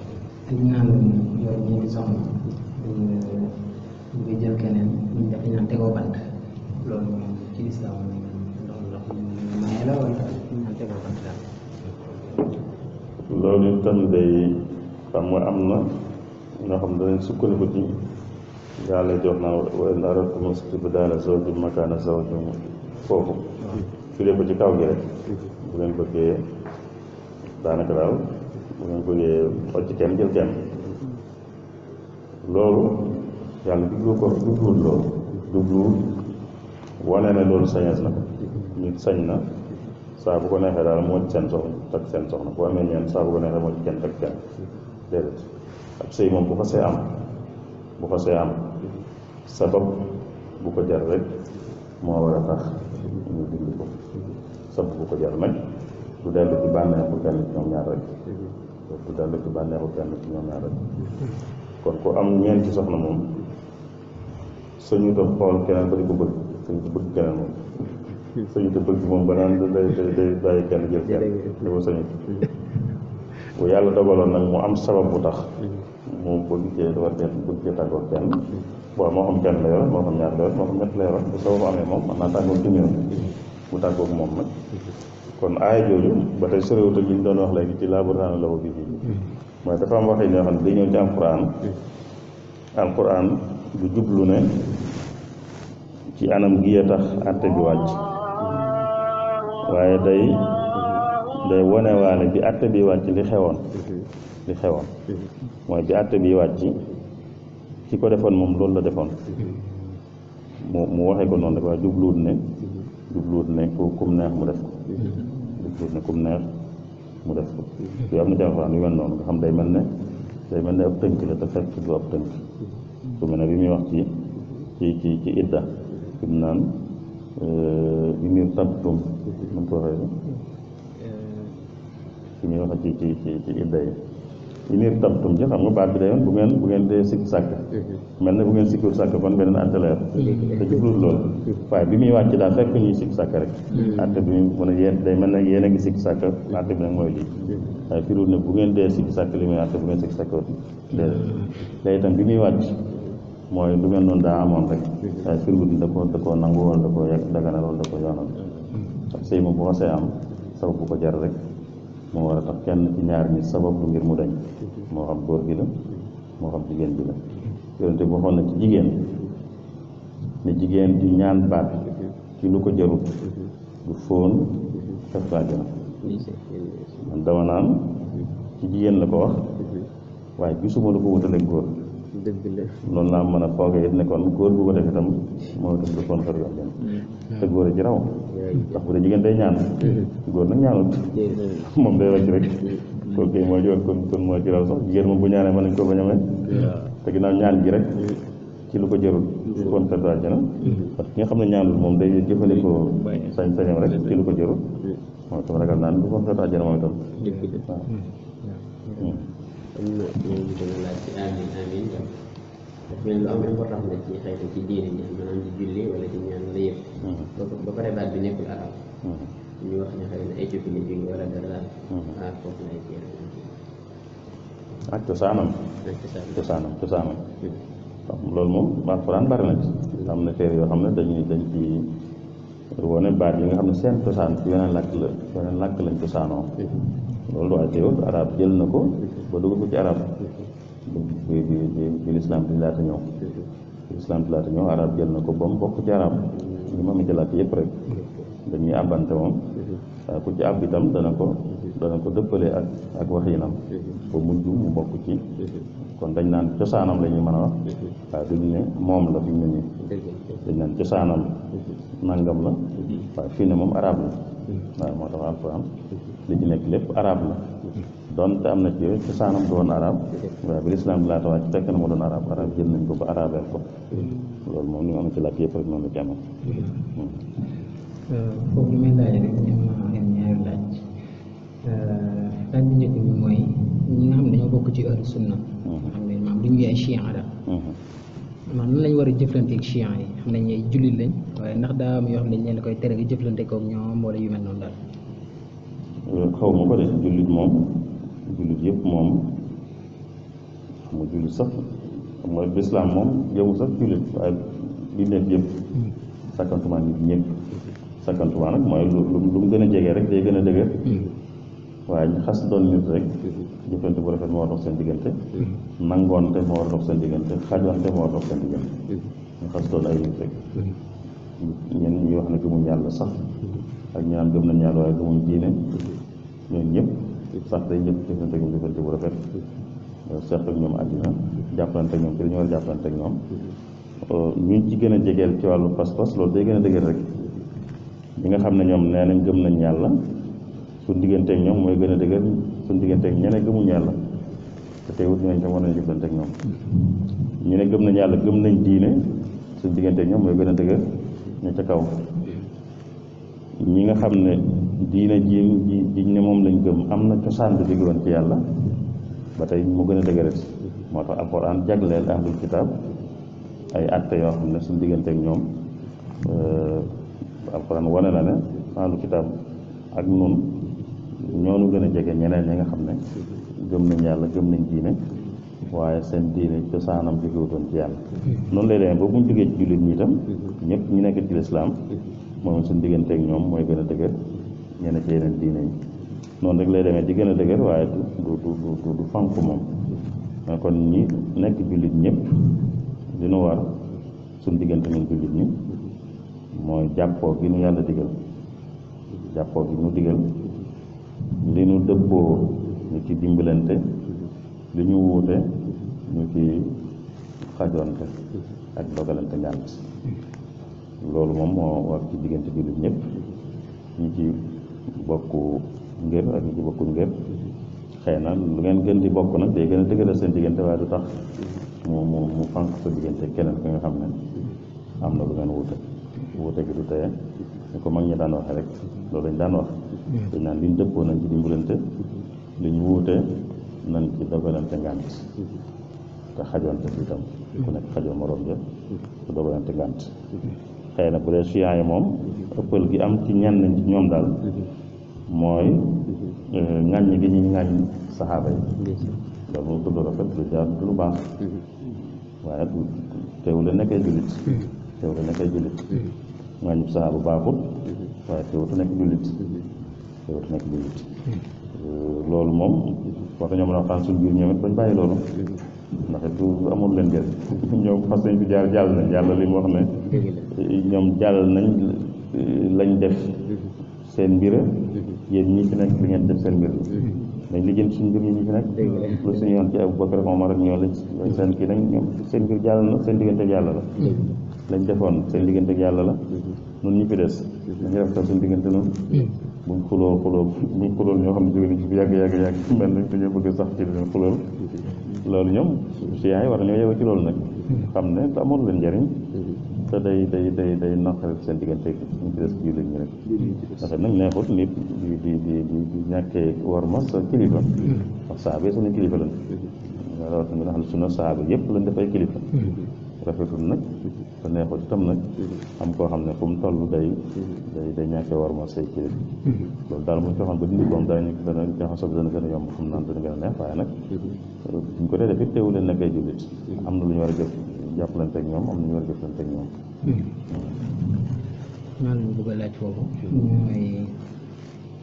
dañu naan yow ñu ñu ngi jël keneen ñu def ñu naan tegoo bant loolu itam day xam nga am na ñoo xam danañ sukkandiku ci yàlla jox naa wala na rek mos ci daala zawju makaana zawju foofu firee ko ci kaw gi rek bu leen bëggee daanaka daal bu leen bëggee xocc kenn jël kenn loolu yàlla jublu ko jubluwul loolu jubluwul wane ne loolu sañees na ko nit sañ na saa bu ko neexee daal moo ci seen soxna takk seen soxna boo amee ñeent saa bu ko neexee moo ci kenn takk kenn déedéet ak sëy moom bu xasee am bu xasee am sabab bu ko jar rek moo war a tax ñu ko bu ko jar nag du dellu ci bànneexu kenn ci ñoom ñaar rek du ci bànneexu kenn kon ku am ñeenti soxna moom sañu doon xool keneen ba di ko bëgg sañu ko bëgg keneen moom sañu te bëgg moom ba naan day day bàyyi kenn jël kenn li ma bu yàlla dogaloon nag mu am sabab bu tax mm-hmm. mu bëgg cee war cee bëgg cee kenn waaw moo xam kenn la yor moo bu sababu moom mm-hmm. mu tàggoo ak moom nag mm-hmm. kon aaya jooju ba tey soriwut ak ñu doon wax léegi ci laaburaana la ko bii mooy dafa am waxin yoo xam ne day ñëw ci alquran alquran du jublu ne ci anam gi ya àtte bi wàcc waaye day day wonewaale bi àtte bi wàcc li xewoon mhm. li xewoon mhm. mooy bi àtte bi wàcc ki ko defoon moom loolu la defoon mhm. mu mu waxee ko noonu rek waaye jubluwut ne jubluwut ne ku kum neex mu def ko jubluwut ne kum neex mu def ko yooyu am na ci alxuraan yu mel noonu nga xam day mel ne day mel ne ab tënk la te fekk du ab tënk su mel ne bi muy wax ci ci ci ci idda fi naan li ngeen sant tuum man ko waxee fi ñuy wax a ci ci ci idda yi li ngeen sant tuum ci xam nga baat bi dayoon bu ngeen bu ngeen dee sikki sàkk mel na bu ngeen sikkiwul sàkk kon beneen àtte leer te jubluwul loolu waaye bi muy wàcc daa fekk ñuy sikki sàkk rek àtte bi mu ne yéen day mel na yéen ngi sikki sàkk àtte bi nag mooy lii waaye firiwul ne bu ngeen dee sikki sàkk li muy àtte bu ngeen sikki sàkk déedéet te itam bi muy wàcc mooy lu mel kan noonu daa amoon rek waaye firgu ya, ya, gitu. di da koo da koo nangu wala da koo yàgg dagana wala da koo yoonal ndax sëy moom bu xasee am sabab bu ko jar rek moo war a tax kenn ci ñaar ñi sabab lu ngir mu dañ moo xam góor gi la moo xam jigéen bi la yonente bi waxoon na ci jigéen ne jigéen di ñaan baat ci lu ko jarut du fóon def ko àjjana man dama naan ci jigéen la ko wax waaye gisuma lu ko wutaleeg góor dëgg la loolu laa mën a foogee it ne góor bu ko def itam moo itam du contre yoon dem mm. te góor a ci raw ndax bu dee jigéen day ñaan mm-hmm. góor nag ñaanut moom day wàcc rek mm-hmm. kooku moo joon kon moo ci sax jigéen bu ñaanee mën nañ koo bañ a may te ginnaaw ñaan gi rek mm-hmm. ci lu ko jërul kon perte àjjana parce que nga xam ne ñaanul moom day jëfandikoo sañ-sañam rek ci lu ko jërul moom itam ragal naan du kon perte àjjana moom itam waaw mm. am na ñoo ci amin amin daf mel lu la ci xëy na bi nekkul arab mm-hmm. wax ne xëy na éthiopie mm-hmm. ah, ak cosaanam cosaanam cosaanam mm-hmm. loolu moom alxuraan bari na ci am na téere yoo xam ne dañuy dañ ci wone baat yi nga xam ne seen cosaan ci weneen làkk la weneen làkk lañ cosaanoo loolu waaye teewul arab jël na ko ba dugal ko ci arab bi bi bi bi lislaam di laata ñëw bi jël na ko ba mu bokk ci arab li ma ma jëlaat yëpp rek dañuy àbbante moom waaye ku ci àbb itam dana ko dana ko dëppale ak ak waxiinam ba mujj mu bokk ci kon dañ naan cosaanam la ñuy mën a wax waaye duñ ne moom la fi mu ne nii dañ naan cosaanam nangam la waaye fii ne moom arab la waaw moo tax alquran li ci lépp arab la donte am na ci yooyu cosaanam du woon arab waaye bi lislaam bi laata wàcc fekk na ma doon arab arab jël nañ ko ba arabeel ko loolu moom ni mu am ci làkk yëpp rek noonu la ci amoon euh, foofu li may laaj rek am ñaari laaj euh, laaj bi mooy ñi nga xam ne dañoo bokk ci ahlu sunna nga mhm. xam ne mhm. lañ war a jëflanteeg chian yi xam nañ ne jullit lañ waaye ndax daa am yoo xam ne dañ leen koy tere nga jëflanteeg ak ñoom wala yu mel noonu daal Euh, xaw ma ko de jullit moom jullit yëpp moom xam nga jullit sax mooy bislaam moom yow sax jullit waaye bi nekk yëpp sakkantuma nit ñëpp sakkantuma nag mooy lu lu mu gën a jege rek day gën a dëgër waaye ñu xas doon nit rek jëfante bu rafet moo war dox seen diggante nangoonte moo war dox seen diggante xajoonte moo war dox seen diggante ñu xas doon ay nit rek ñenn ñuy wax ne mu yàlla sax ak ñaan gëm nañ yàlla waaye gëmuñ diine ñooñu ñëpp sax day ñëpp jëfante ak ñoom ñoom àddina jàppalante ak ñoom ci dañu war a ñoom ñu ci a jegeel ci wàllu pas-pas loolu day a dëgër rek ñi nga xam ne ñoom nee nañ gëm nañ yàlla suñ diggante ak ñoom mooy gën a dëgër suñ diggante ak ñeneen gëmuñ yàlla ñooñu tam war nañu jëfante ñoom ñu ne gëm nañ yàlla gëm nañ diine suñ diggante ñoom mooy gën a dëgër ñu ca kaw ñi nga xam ne diina jiim ji jiñ ne moom lañ gëm am na cosaan bi jógewoon ci yàlla ba tey mu gën a dëgërat moo tax alxuraan jagleel ahlul kitaab xam ne suñ digganteek ñoom euh, alxuraan wane na ne ahlul kitaab ak nun nu gën a jege ñeneen ñi nga xam ne gëm nañ yàlla gëm nañ diine waaye seen diine cosaanam jógewutoon ci yàlla noonu lay demee ba bu ñu jógee ci jullit ñi itam ñëpp ñu nekk ci lislaam moom suñ digganteek ñoom mooy gën a dëgër ñenn ci yeneen diine yi noonu rek lay demee di gën a dëgër waaye du du du du fànk moom ah, kon ñi nekk jullit ñëpp li nu war suñ diggante ñun jullit ñi mooy jàppoo gi nu yàlla digal jàppoo gi nu digal li nu dëppoo ñu ci dimbalante li ñu wuute ñu ci xajoonte ak dogalante ngànt loolu moom moo war ci diggante jullit ñépp ñi ci bokk ngir ak ñi ci bokkul ngir xëy na lu ngeen gën di bokk nag day gën a dëgëral seen diggante waaye du tax mu mu mu fànq sa diggante keneen ki nga xam ne am na lu ngeen wute wute gi du teye ñu ko mag ñi daan waxee rek loolu lañ daan wax dañ naan liñ dëppoo nañ ci dimbalante liñ wuute nañ ci dogalante ngànt te xajoonte itam ku nekk xajoo morom ja te dogalante ngànt xëy na bu yi moom ëppal gi am ci ñenn ci ñoom daal mooy euh, ŋàññ gi ñuy ŋàññ saxaaba yi loolu du lu rafet lu jaar du lu baax waaye teewul a nekkee jullit teewul a nekkee jullit ŋàññ saxaaba baaxut waaye teewut a nekk jullit teewut a nekk jullit euh, loolu moom war nañoo mën a waxtaan suñu biir ñoom it bañ bàyyi loolu ndax du amul leen njëriñ ñoom fas nañ fi jaar jàll nañ yàlla li mu wax ne ñoom jàll nañ lañ def seen mbir yéen ñi fi nekk li ngeen def seen mbir nañ li suñu mbir ñi fi nekk yoon ci Abubakar Omar ak ñoo lañ seen kii nañ ñoom seen mbir jàll na seen diggante yàlla la lañ defoon seen diggante yàlla la nun ñu fi des dañu rafetal suñu diggante noonu buñ xuloo xuloo buñ xuloo ñoo xam ne jóge nañ ci fi yàgg yàgg yàgg mel nañ dañoo bëgg sax ci leen xulool loolu ñoom siyaay war a yeewu ci loolu nag xam ne amul leen njariñ te day day day day seen diggante ñu ci des jullit ñi rek ndax nag neexut nit di ñàkkee war ma sa kilifa ndax saaba yi suñu kilifa lan rawatina nga xam ne suñu saaba yëpp lañ dafay kilifa rafetul nag te neexu ci tam nag am koo xam ne fu mu toll day day day ñàkkee war ma say kilifa loolu daal mu coxoon ba dindi boom daa ñu dana jaxasoo bi dana gën a yomb fu mu naan dana gën a neex waaye nag buñ ko dee def it teewul leen nag ay jullit am na lu ñu war a jëf jàppalante ak ñoom am na lu ñu war a jëflante ak ñoom maa hmm. ngi bëgg a laaj foofu mooy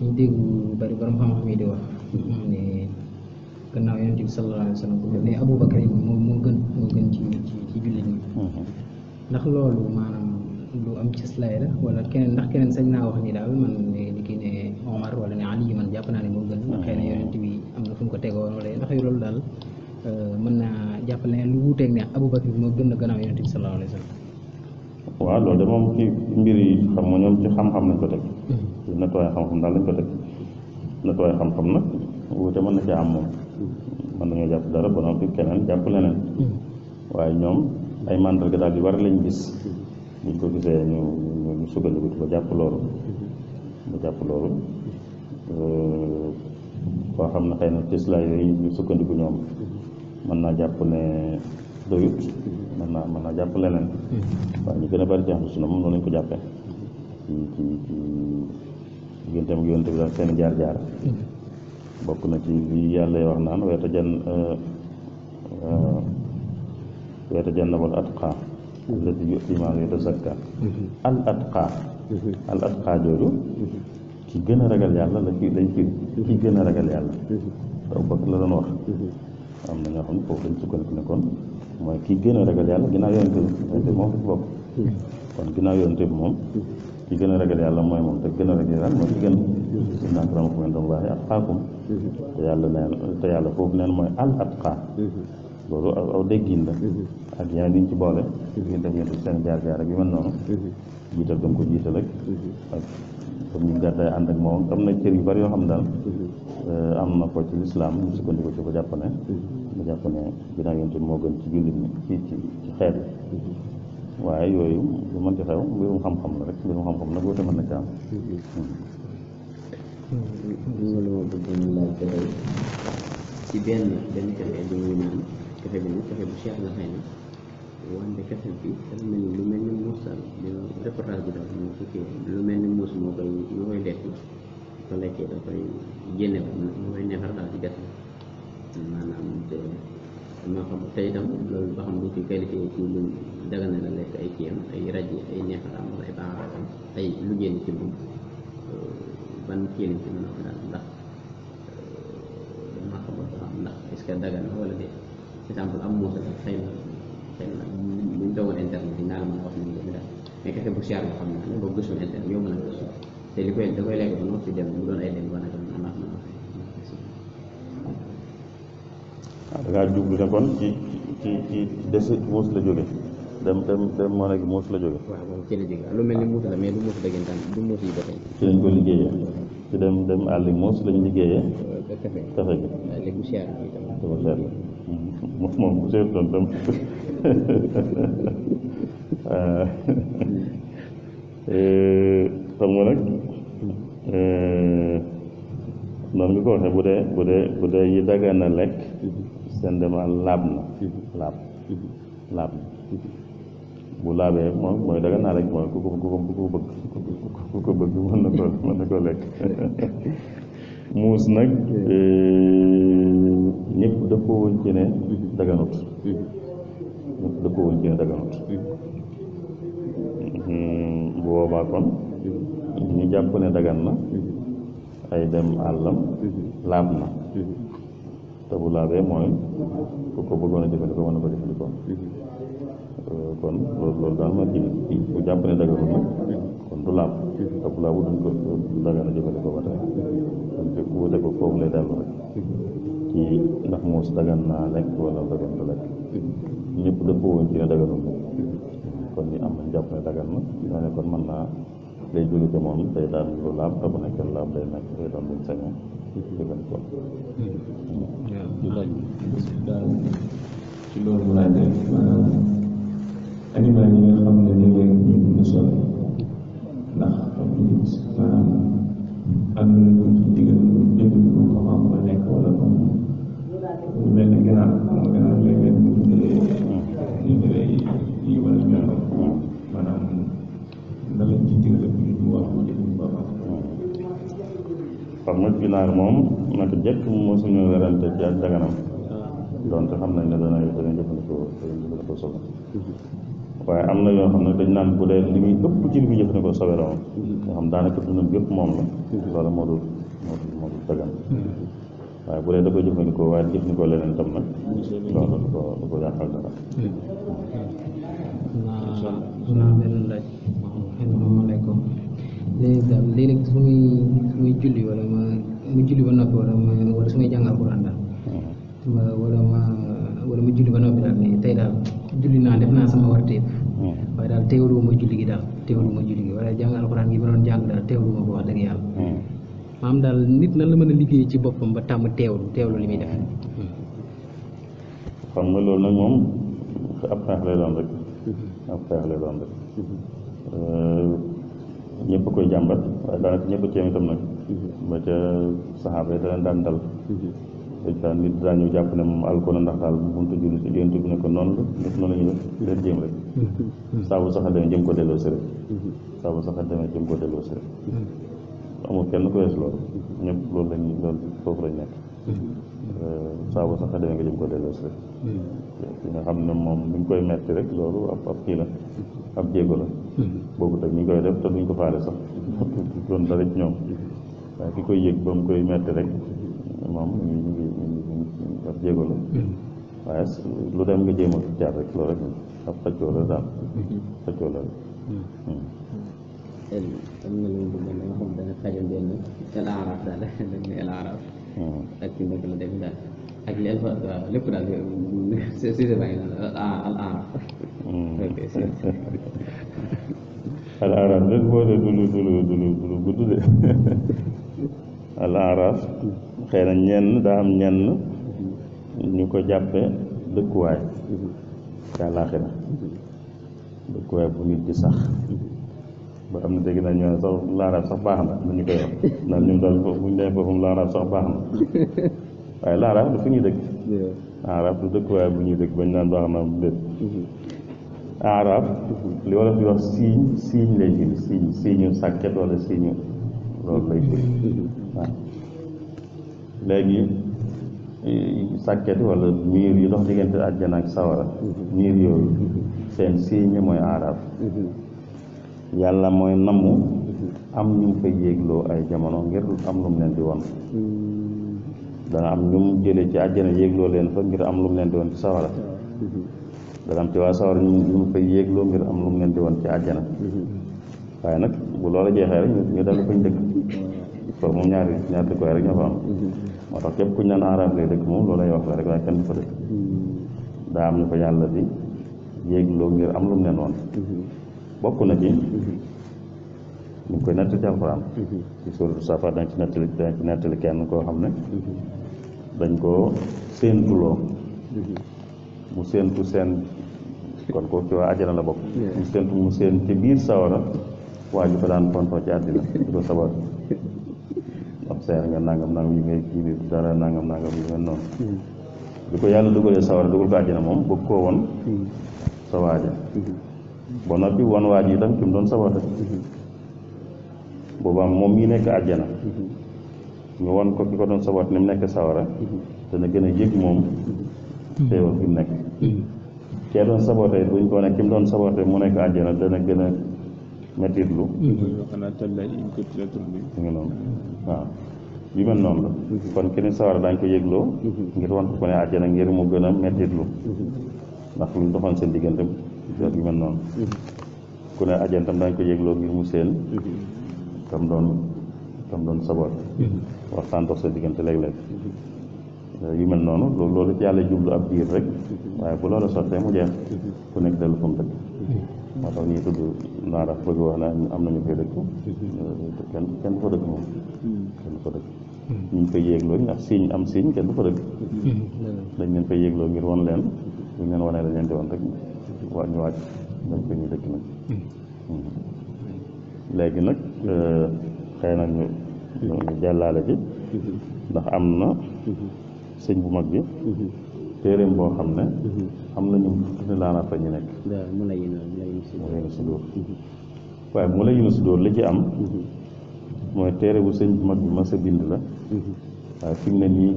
ñu dégg lu bari borom xam-xam yi di wax ne gannaaw yonent bi sallallahu alayhi wa sallam ne Abubakar yi moo moo gën moo gën ci ci ci jullit ñi hmm. ndax loolu maanaam lu am ci lay la wala keneen ndax keneen sañ naa wax ni daal man ni kii ne Omar wala ne Ali man jàpp naa ne moo gën ndax hmm. xëy na yonent bi am mu ko tegoon wala loolu daal euh, mën naa jàpp ne lu wuuteeg ne Abubakar bi moo gën a gannaaw yonent bi sallallahu alayhi wa waaw loolu de moom ci mbir yi xam nga ci xam-xam lañ ko teg hmm. natuwaay xam-xam daal lañ ko teg natuwaay xam na ci am moom hmm. mën nañoo jàpp dara ba noppi keneen jàpp leneen waaye ñoom ay mandarga daal yu war lañ gis buñ ko gisee ñu ñu sukkandiku ba jàpp loolu ba jàpp loolu koo xam ne xëy na tislaa yooyu ñu sukkandiku ñoom mën naa jàpp ne doyut mën naa mën naa jàpp leneen waaye ñu gën a bari ci xam sunu moom noonu lañ ko jàppee ci ci ci digganteem ak yonte bi seen jaar-jaar bokk na ci li yàlla wax naan weeta jan ويتجنب الأتقى الذي يؤتي ماله يتزكى الأتقى الأتقى جوجو ki gën a ragal yàlla la ki dañ firi ki gën a ragal yàlla daw mm-hmm. bakk la doon wax mm-hmm. am na ñoo xam foofu dañ sukkandiku ne kon mooy ki gën a ragal yàlla ginnaaw yonente bi yonente bi moom dafa bokk mm-hmm. kon ginnaaw yonente bi moom ki gën a ragal yàlla mooy moom te gën a ragal yàlla mooy ki gën inna akramakum inda Allahi atqaakum te yàlla neen te yàlla foofu neen mooy al atqaa loolu aw déggin la ak yeneen yuñ ci boole ngir def ñetti seen jaar-jaar ak yu mel noonu jiital gam ko jiital ak ak comme ñu gàddaay ànd ak moom am na cër yu bari yoo xam daal am na ko ci lislaam ñu sukkandiku ci ko jàpp ne ko jàpp ne ginnaaw moo gën ci jullit ñi ci ci ci waaye yooyu lu mën ci xew mbirum xam-xam la rek mbirum xam-xam nag boo te mën na ci ci benn benn café bi nag café bu cher la xëy na wante café bi dafa mel lu mel ni muus daal lu mel ni muus moo koy moo koy lekk ko lekkee da koy génne ko moo koy neexal daal ci gerte maanaam te maa xam tey itam loolu ba xam bu fi qualifié ci lu daga na la lekk ay kiyam ay raj ay neexalam wala ay baaxalam ay lu génn ci moom ban kii lañ ci a ko daal ndax maa xam ndax est que daga na wala déet exemple am muusal xëy na te li koy dem mu doon ci ci ci desit muus la jóge dem dem dem moo nekk muus la jóge waaw moom ci lu mel ni muus ko liggéeyee ci lañ liggéeyee café bi moom ku seet doon tam xam nga nag noonu nga ko waxee bu dee bu dee bu dee yi dagan na lekk seen dema laab na laab laab na bu laabee moom mooy dagan naa lekk mooy ku ko ku ko ku ko bëgg ku ko bëgg mën na ko mën na ko lekk muus nag eh, ñëpp dëppoo woon ci ne daganut ñëpp dëppoo woon ci ne daganut hmm, bu boobaa kon ñu jàpp ne dagan na ay dem àllam laab na te bu laabee mooy ku ko bëggoon a jëfandikoo mën na ko jëfandikoo eh, kon loolu loolu daal ma ci bu jàpp daganut nag du laab fii fi ab laabu duñ ko dagana jëfale ko ba tey duñ fekk wuute ko foofu lay dellu rek ci ndax muus dagan naa lekk wala dagan du lekk ñëpp dëppoo woon ci ne daganul kon ñu am nañ jàpp ne dagan na ñoo ne kon mën naa lay jóge ci moom day daan lu laab te bu nekkee laab day nekk day doon luñ yi nga xam a waaw ak digal dégg moom xam am ba nekk wala moom lu mel ne ganaar xam nga ganaar léeg-léeg mu tuddee ñu tuddee yi wala ñu maanaam na lañ ci digal ñu wax ko jëf ba baax xam nga ginaar moom naka jëkk mosuñu werante ci ak daganam donte xam nañ ne dana dana jëfandikoo dana ko solo waaye am na yoo xam ne dañ naan bu dee li muy ëpp ci li muy jëfandikoo sobe la moom nga xam daanaka dundam yëpp moom la loolu moo dul moo dul moo dul dagan waaye bu dee da koy jëfandikoo waaye jëfandikoo leneen tam nag loolu du ko du ko yàqal dara léegi daal léeg-léeg su muy su muy julli wala ma mu julli ba noppi wala ma wala su muy jàngal Alxuraan daal hmm. wala ma wala ma julli ba noppi daal ni tey daal julli naa def naa sama warteef waaye ya. daal teewluwuma julli gi daal teewluwuma julli gi wala jàng alxuraan gi ma doon jàng daal teewluwuma ya. ko wax dëgg yàlla maam daal nit nan la mën a ci boppam ba tàmm teewlu teewlu li def xam nga loolu nag moom ab xeex lay doon rek lay rek koy ba ca da dal ndeysaan nit daa ñëw jàpp ne moom alko na ndax daal bu buntu julli si yonent bi ne ko noonu la def noonu la ñuy def leen jéem rek saa bu saxa demee jëm ko delloo si rek saa bu saxa demee jëm ko delloo si rek amul kenn ku wees loolu ñëpp loolu lañ loolu foofu lañ nekk euh, saa bu saxa demee nga jëm ko delloo si rek ki nga xam ne moom li ñu koy metti rek loolu ab ab kii la ab jéego la boobu tam ñu koy def te duñ ko faale sax doon dara ci ñoom waaye ki koy yëg ba mu koy metti rek moom lu dem a jaar al arab al arab de dulu dulu dulu dulu gudd de al arab xëy ñenn daa am ñenn ñu ko jàppe dëkkuwaay ci àllaaxira dëkkuwaay bu nit di sax ba am na dégg nañ ñoo ne sax laaraab sax baax na lu ñu koy wax naan ñun daal buñ dee foofu laaraab sax baax na waaye laaraab du fu ñuy dëkk aaraab du dëkkuwaay bu ñuy dëkk bañ naan baax na bu dëkk aaraab li wala fi wax siiñ siiñ lay siiñu sàkket wala siiñu loolu lay firi léegi sàkket wala miir yi dox diggante àjjana ak sawara miir yooyu seen signe mooy aaraaf yàlla mooy namu am ñu mu yéegloo ay jamono ngir am lu mu leen di woon dana am ñu mu jëlee ci àjjana yéegloo leen fa ngir am lu mu leen di woon ci sawara dana am ci waa sawara ñu am lu leen di won ci àjjana waaye nag bu loola jeexee rek ñu dellu fañ dëkk foofu moom ñaari ñaari dëkkuwaay rek ñoo fa am moo tax képp ku ñu naan arab ngay dëkk moom loolu lay wax la rek waaye kenn du dëkk hmm. daa am ñu ko yàlla bi yéegloo ngir am lu mu leen woon hmm. bokk na ci hmm. ñu ngi koy nettali ci alxuraan ci suuratu Safa dañ ci nettali dañ ci nettali kenn koo xam ne dañ koo séentuloo mu séentu seen kon kooku ci waa àjjana la bokk mu séentu mu séen ci biir sawara waa ju ko daan tontoo ci àddina di ko sabab ab seer nga nangam nangam yi ngay kii bi dara nangam nangam yu mel noonu hmm. bi ko yàlla dugalee sawara dugal ko àjjana moom bëgg koo woon hmm. sa waaja hmm. ba noppi woon waaj itam ki mu doon sabota boobaam moom mi nekk àjjana ñu ko ki ko doon saboot ni mu nekk sawara dana gën a yëg moom xéewal gi mu nekk kee doon saboote buñ ko nekk ki mu doon saboote mu nekk àjjana dana gën ma déglu. xanaa tàllaay in ko tilatul bi. nga noonu waaw yu mel noonu la. Mhm. kon keneen sawara daañ ko yëgloo. Mhm. ngir wan ko ne àjjana ngir mu gën a ma déglu. Mhm. ndax lu mu seen diggante yu mel noonu. ku ne àjjana daañ ko yëgloo ngir mu seen. tam doon tam doon saboot. waxtaan dox seen diggante léeg-léeg. Euh, yu mel noonu loolu loolu ci yàlla jublu ab diir rek. waaye bu loolu sottee mu jeex. ku nekk dellu fa mu dëkk. moo tax ñuy tudd naara bëgg wax naa am nañu fay dëkk te kenn kenn du fa dëkk moom kenn du fa dëkk ñu ngi koy yéegloo ndax siiñ am siiñ kenn du fa dëkk dañ leen koy yéegloo ngir wan leen bu ñu leen wanee dañ leen di wan rek waa ñu wàcc dañ ñuy dëkk nag léegi nag euh, xëy na ñu ñu jàllaale ci ndax am na sëñ bu mag bi téeréem boo xam ne am na ñu ne laanaat fa ñu nekk Mawlana Sudóor waaye Mawlana Sudóor li ci am mooy téere bu sëñ bu mag bi ma a bind la waaye fi mu ne nii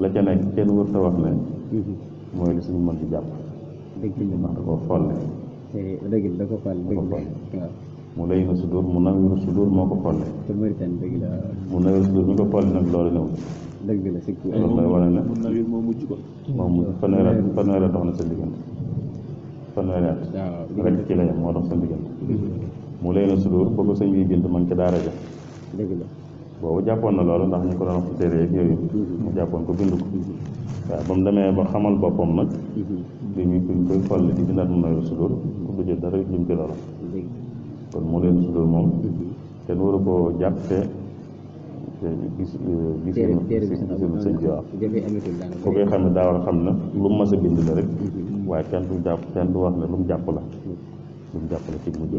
la ca nekk kenn wër ta wax ne mooy li suñu mën di jàpp dëgg la man da ko folle eh, dëgg la Mawlana Sudóor mu nawiru moo ko folle te Mauritanie dëgg mu nawiru Sudóor mi ko folle nag loolu newul dëgg la loolu mooy wane ne moo mujj ko moo mujj fanweer fanweer dox na sa diggante fanweeri at rek ci la yem moo tax sa ndigal mu lay na sudur ba ko sëñ bi man ci daara ja boobu jàppoon na loolu ndax ñu ko doon wax ci yooyu mu jàppoon ko bind ko waaw ba mu demee ba xamal boppam nag li mm-hmm. ñu kuñ koy xolli di bindaat mu lay na sudur ku du jël dara jëm ci loolu kon mu lay na sudur moom mm-hmm. kenn waru koo jàpp te Euh, gis gis gisinu sëñ bi waaw ku koy xam ne daa war a xam na lu mu mas a bind la rek mm-hmm. waaye kenn du jàpp kenn du wax ne lu mu jàpp la lu mu jàpp la ci mujj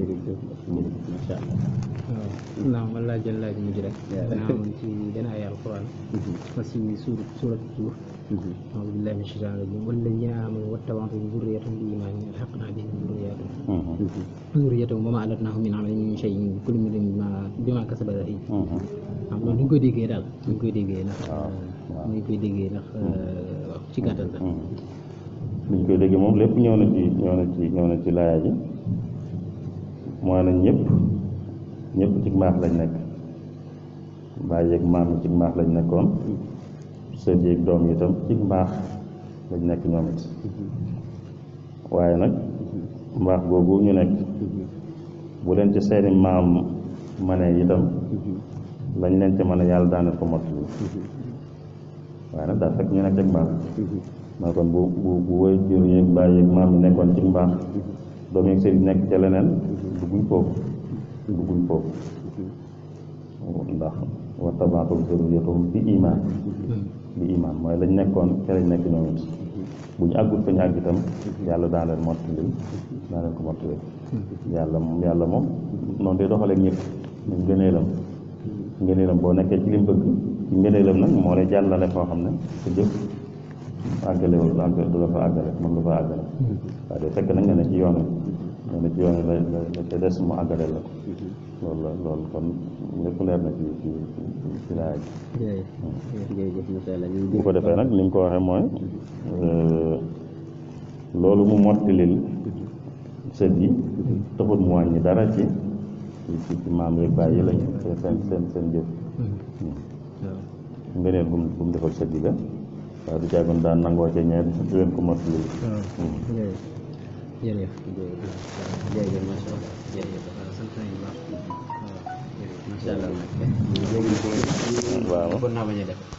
masha Allah naam man laa jël laaj mujj rek danaa amoon ci gën a yàlla Alxuraan ma mm-hmm. si suur suurat Tuur أعوذ بالله من الشيطان الرجيم والذين آمنوا واتبعتهم ذريتهم بإيمان ألحقنا بهم ذريتهم ذريتهم وما ألتناهم من عمل من شيء كل من بما كسبت أيديهم am loolu ni ñu koy déggee daal ni ñu koy déggee ndax ni ñu koy déggee ndax ci gàttal la ni ñu koy déggee moom lépp ñëw na ci ñëw na ci ñëw na ci laaya ji mooy nañ ñëpp ñëpp ci mbaax lañ nekk bàyyi yeeg maam yi ci mbaax lañ nekkoon sët yeeg doom yi itam ci mbaax lañ nekk ñoom it waaye nag mbaax googu ñu nekk bu leen ci seeni maam manee itam lañ leen ca mën yàlla daana ko mot waaye nag daa fekk ñu nekk nekkoon ci mbaax doom yeeg sëriñ nekk ca leneen dugguñ wa tabaatu lañ nekkoon ca lañ nekk ñoom it yàlla daa ko mottali yàlla moom yàlla moom noonu day doxaleeg ñëpp ñu gëneelam ngëneelam boo nekkee ci lim bëgg ci ngëneelam nag moo lay jàllale foo xam ne sa jëf àggale wul du la fa àggale moom la fa àggale mm-hmm. waaye de fekk nag nga ne ci yoon wi nga ne ci yoon wi la la ca des mu àggale la mm-hmm. loolu la loolu ko defee nag li mu ko waxee mooy mm-hmm. euh, loolu mu mottilil sët yi taxut mu wàññi dara ci ci ci maam yeeg bàyyi sen seen seen seen jëf ngeneen bu la waaye du caagoon daan nangoo ca ñeent di leen ko mos li mm-hmm. mm-hmm. jërëjëf jërëjëf macha allah jërëjëf sant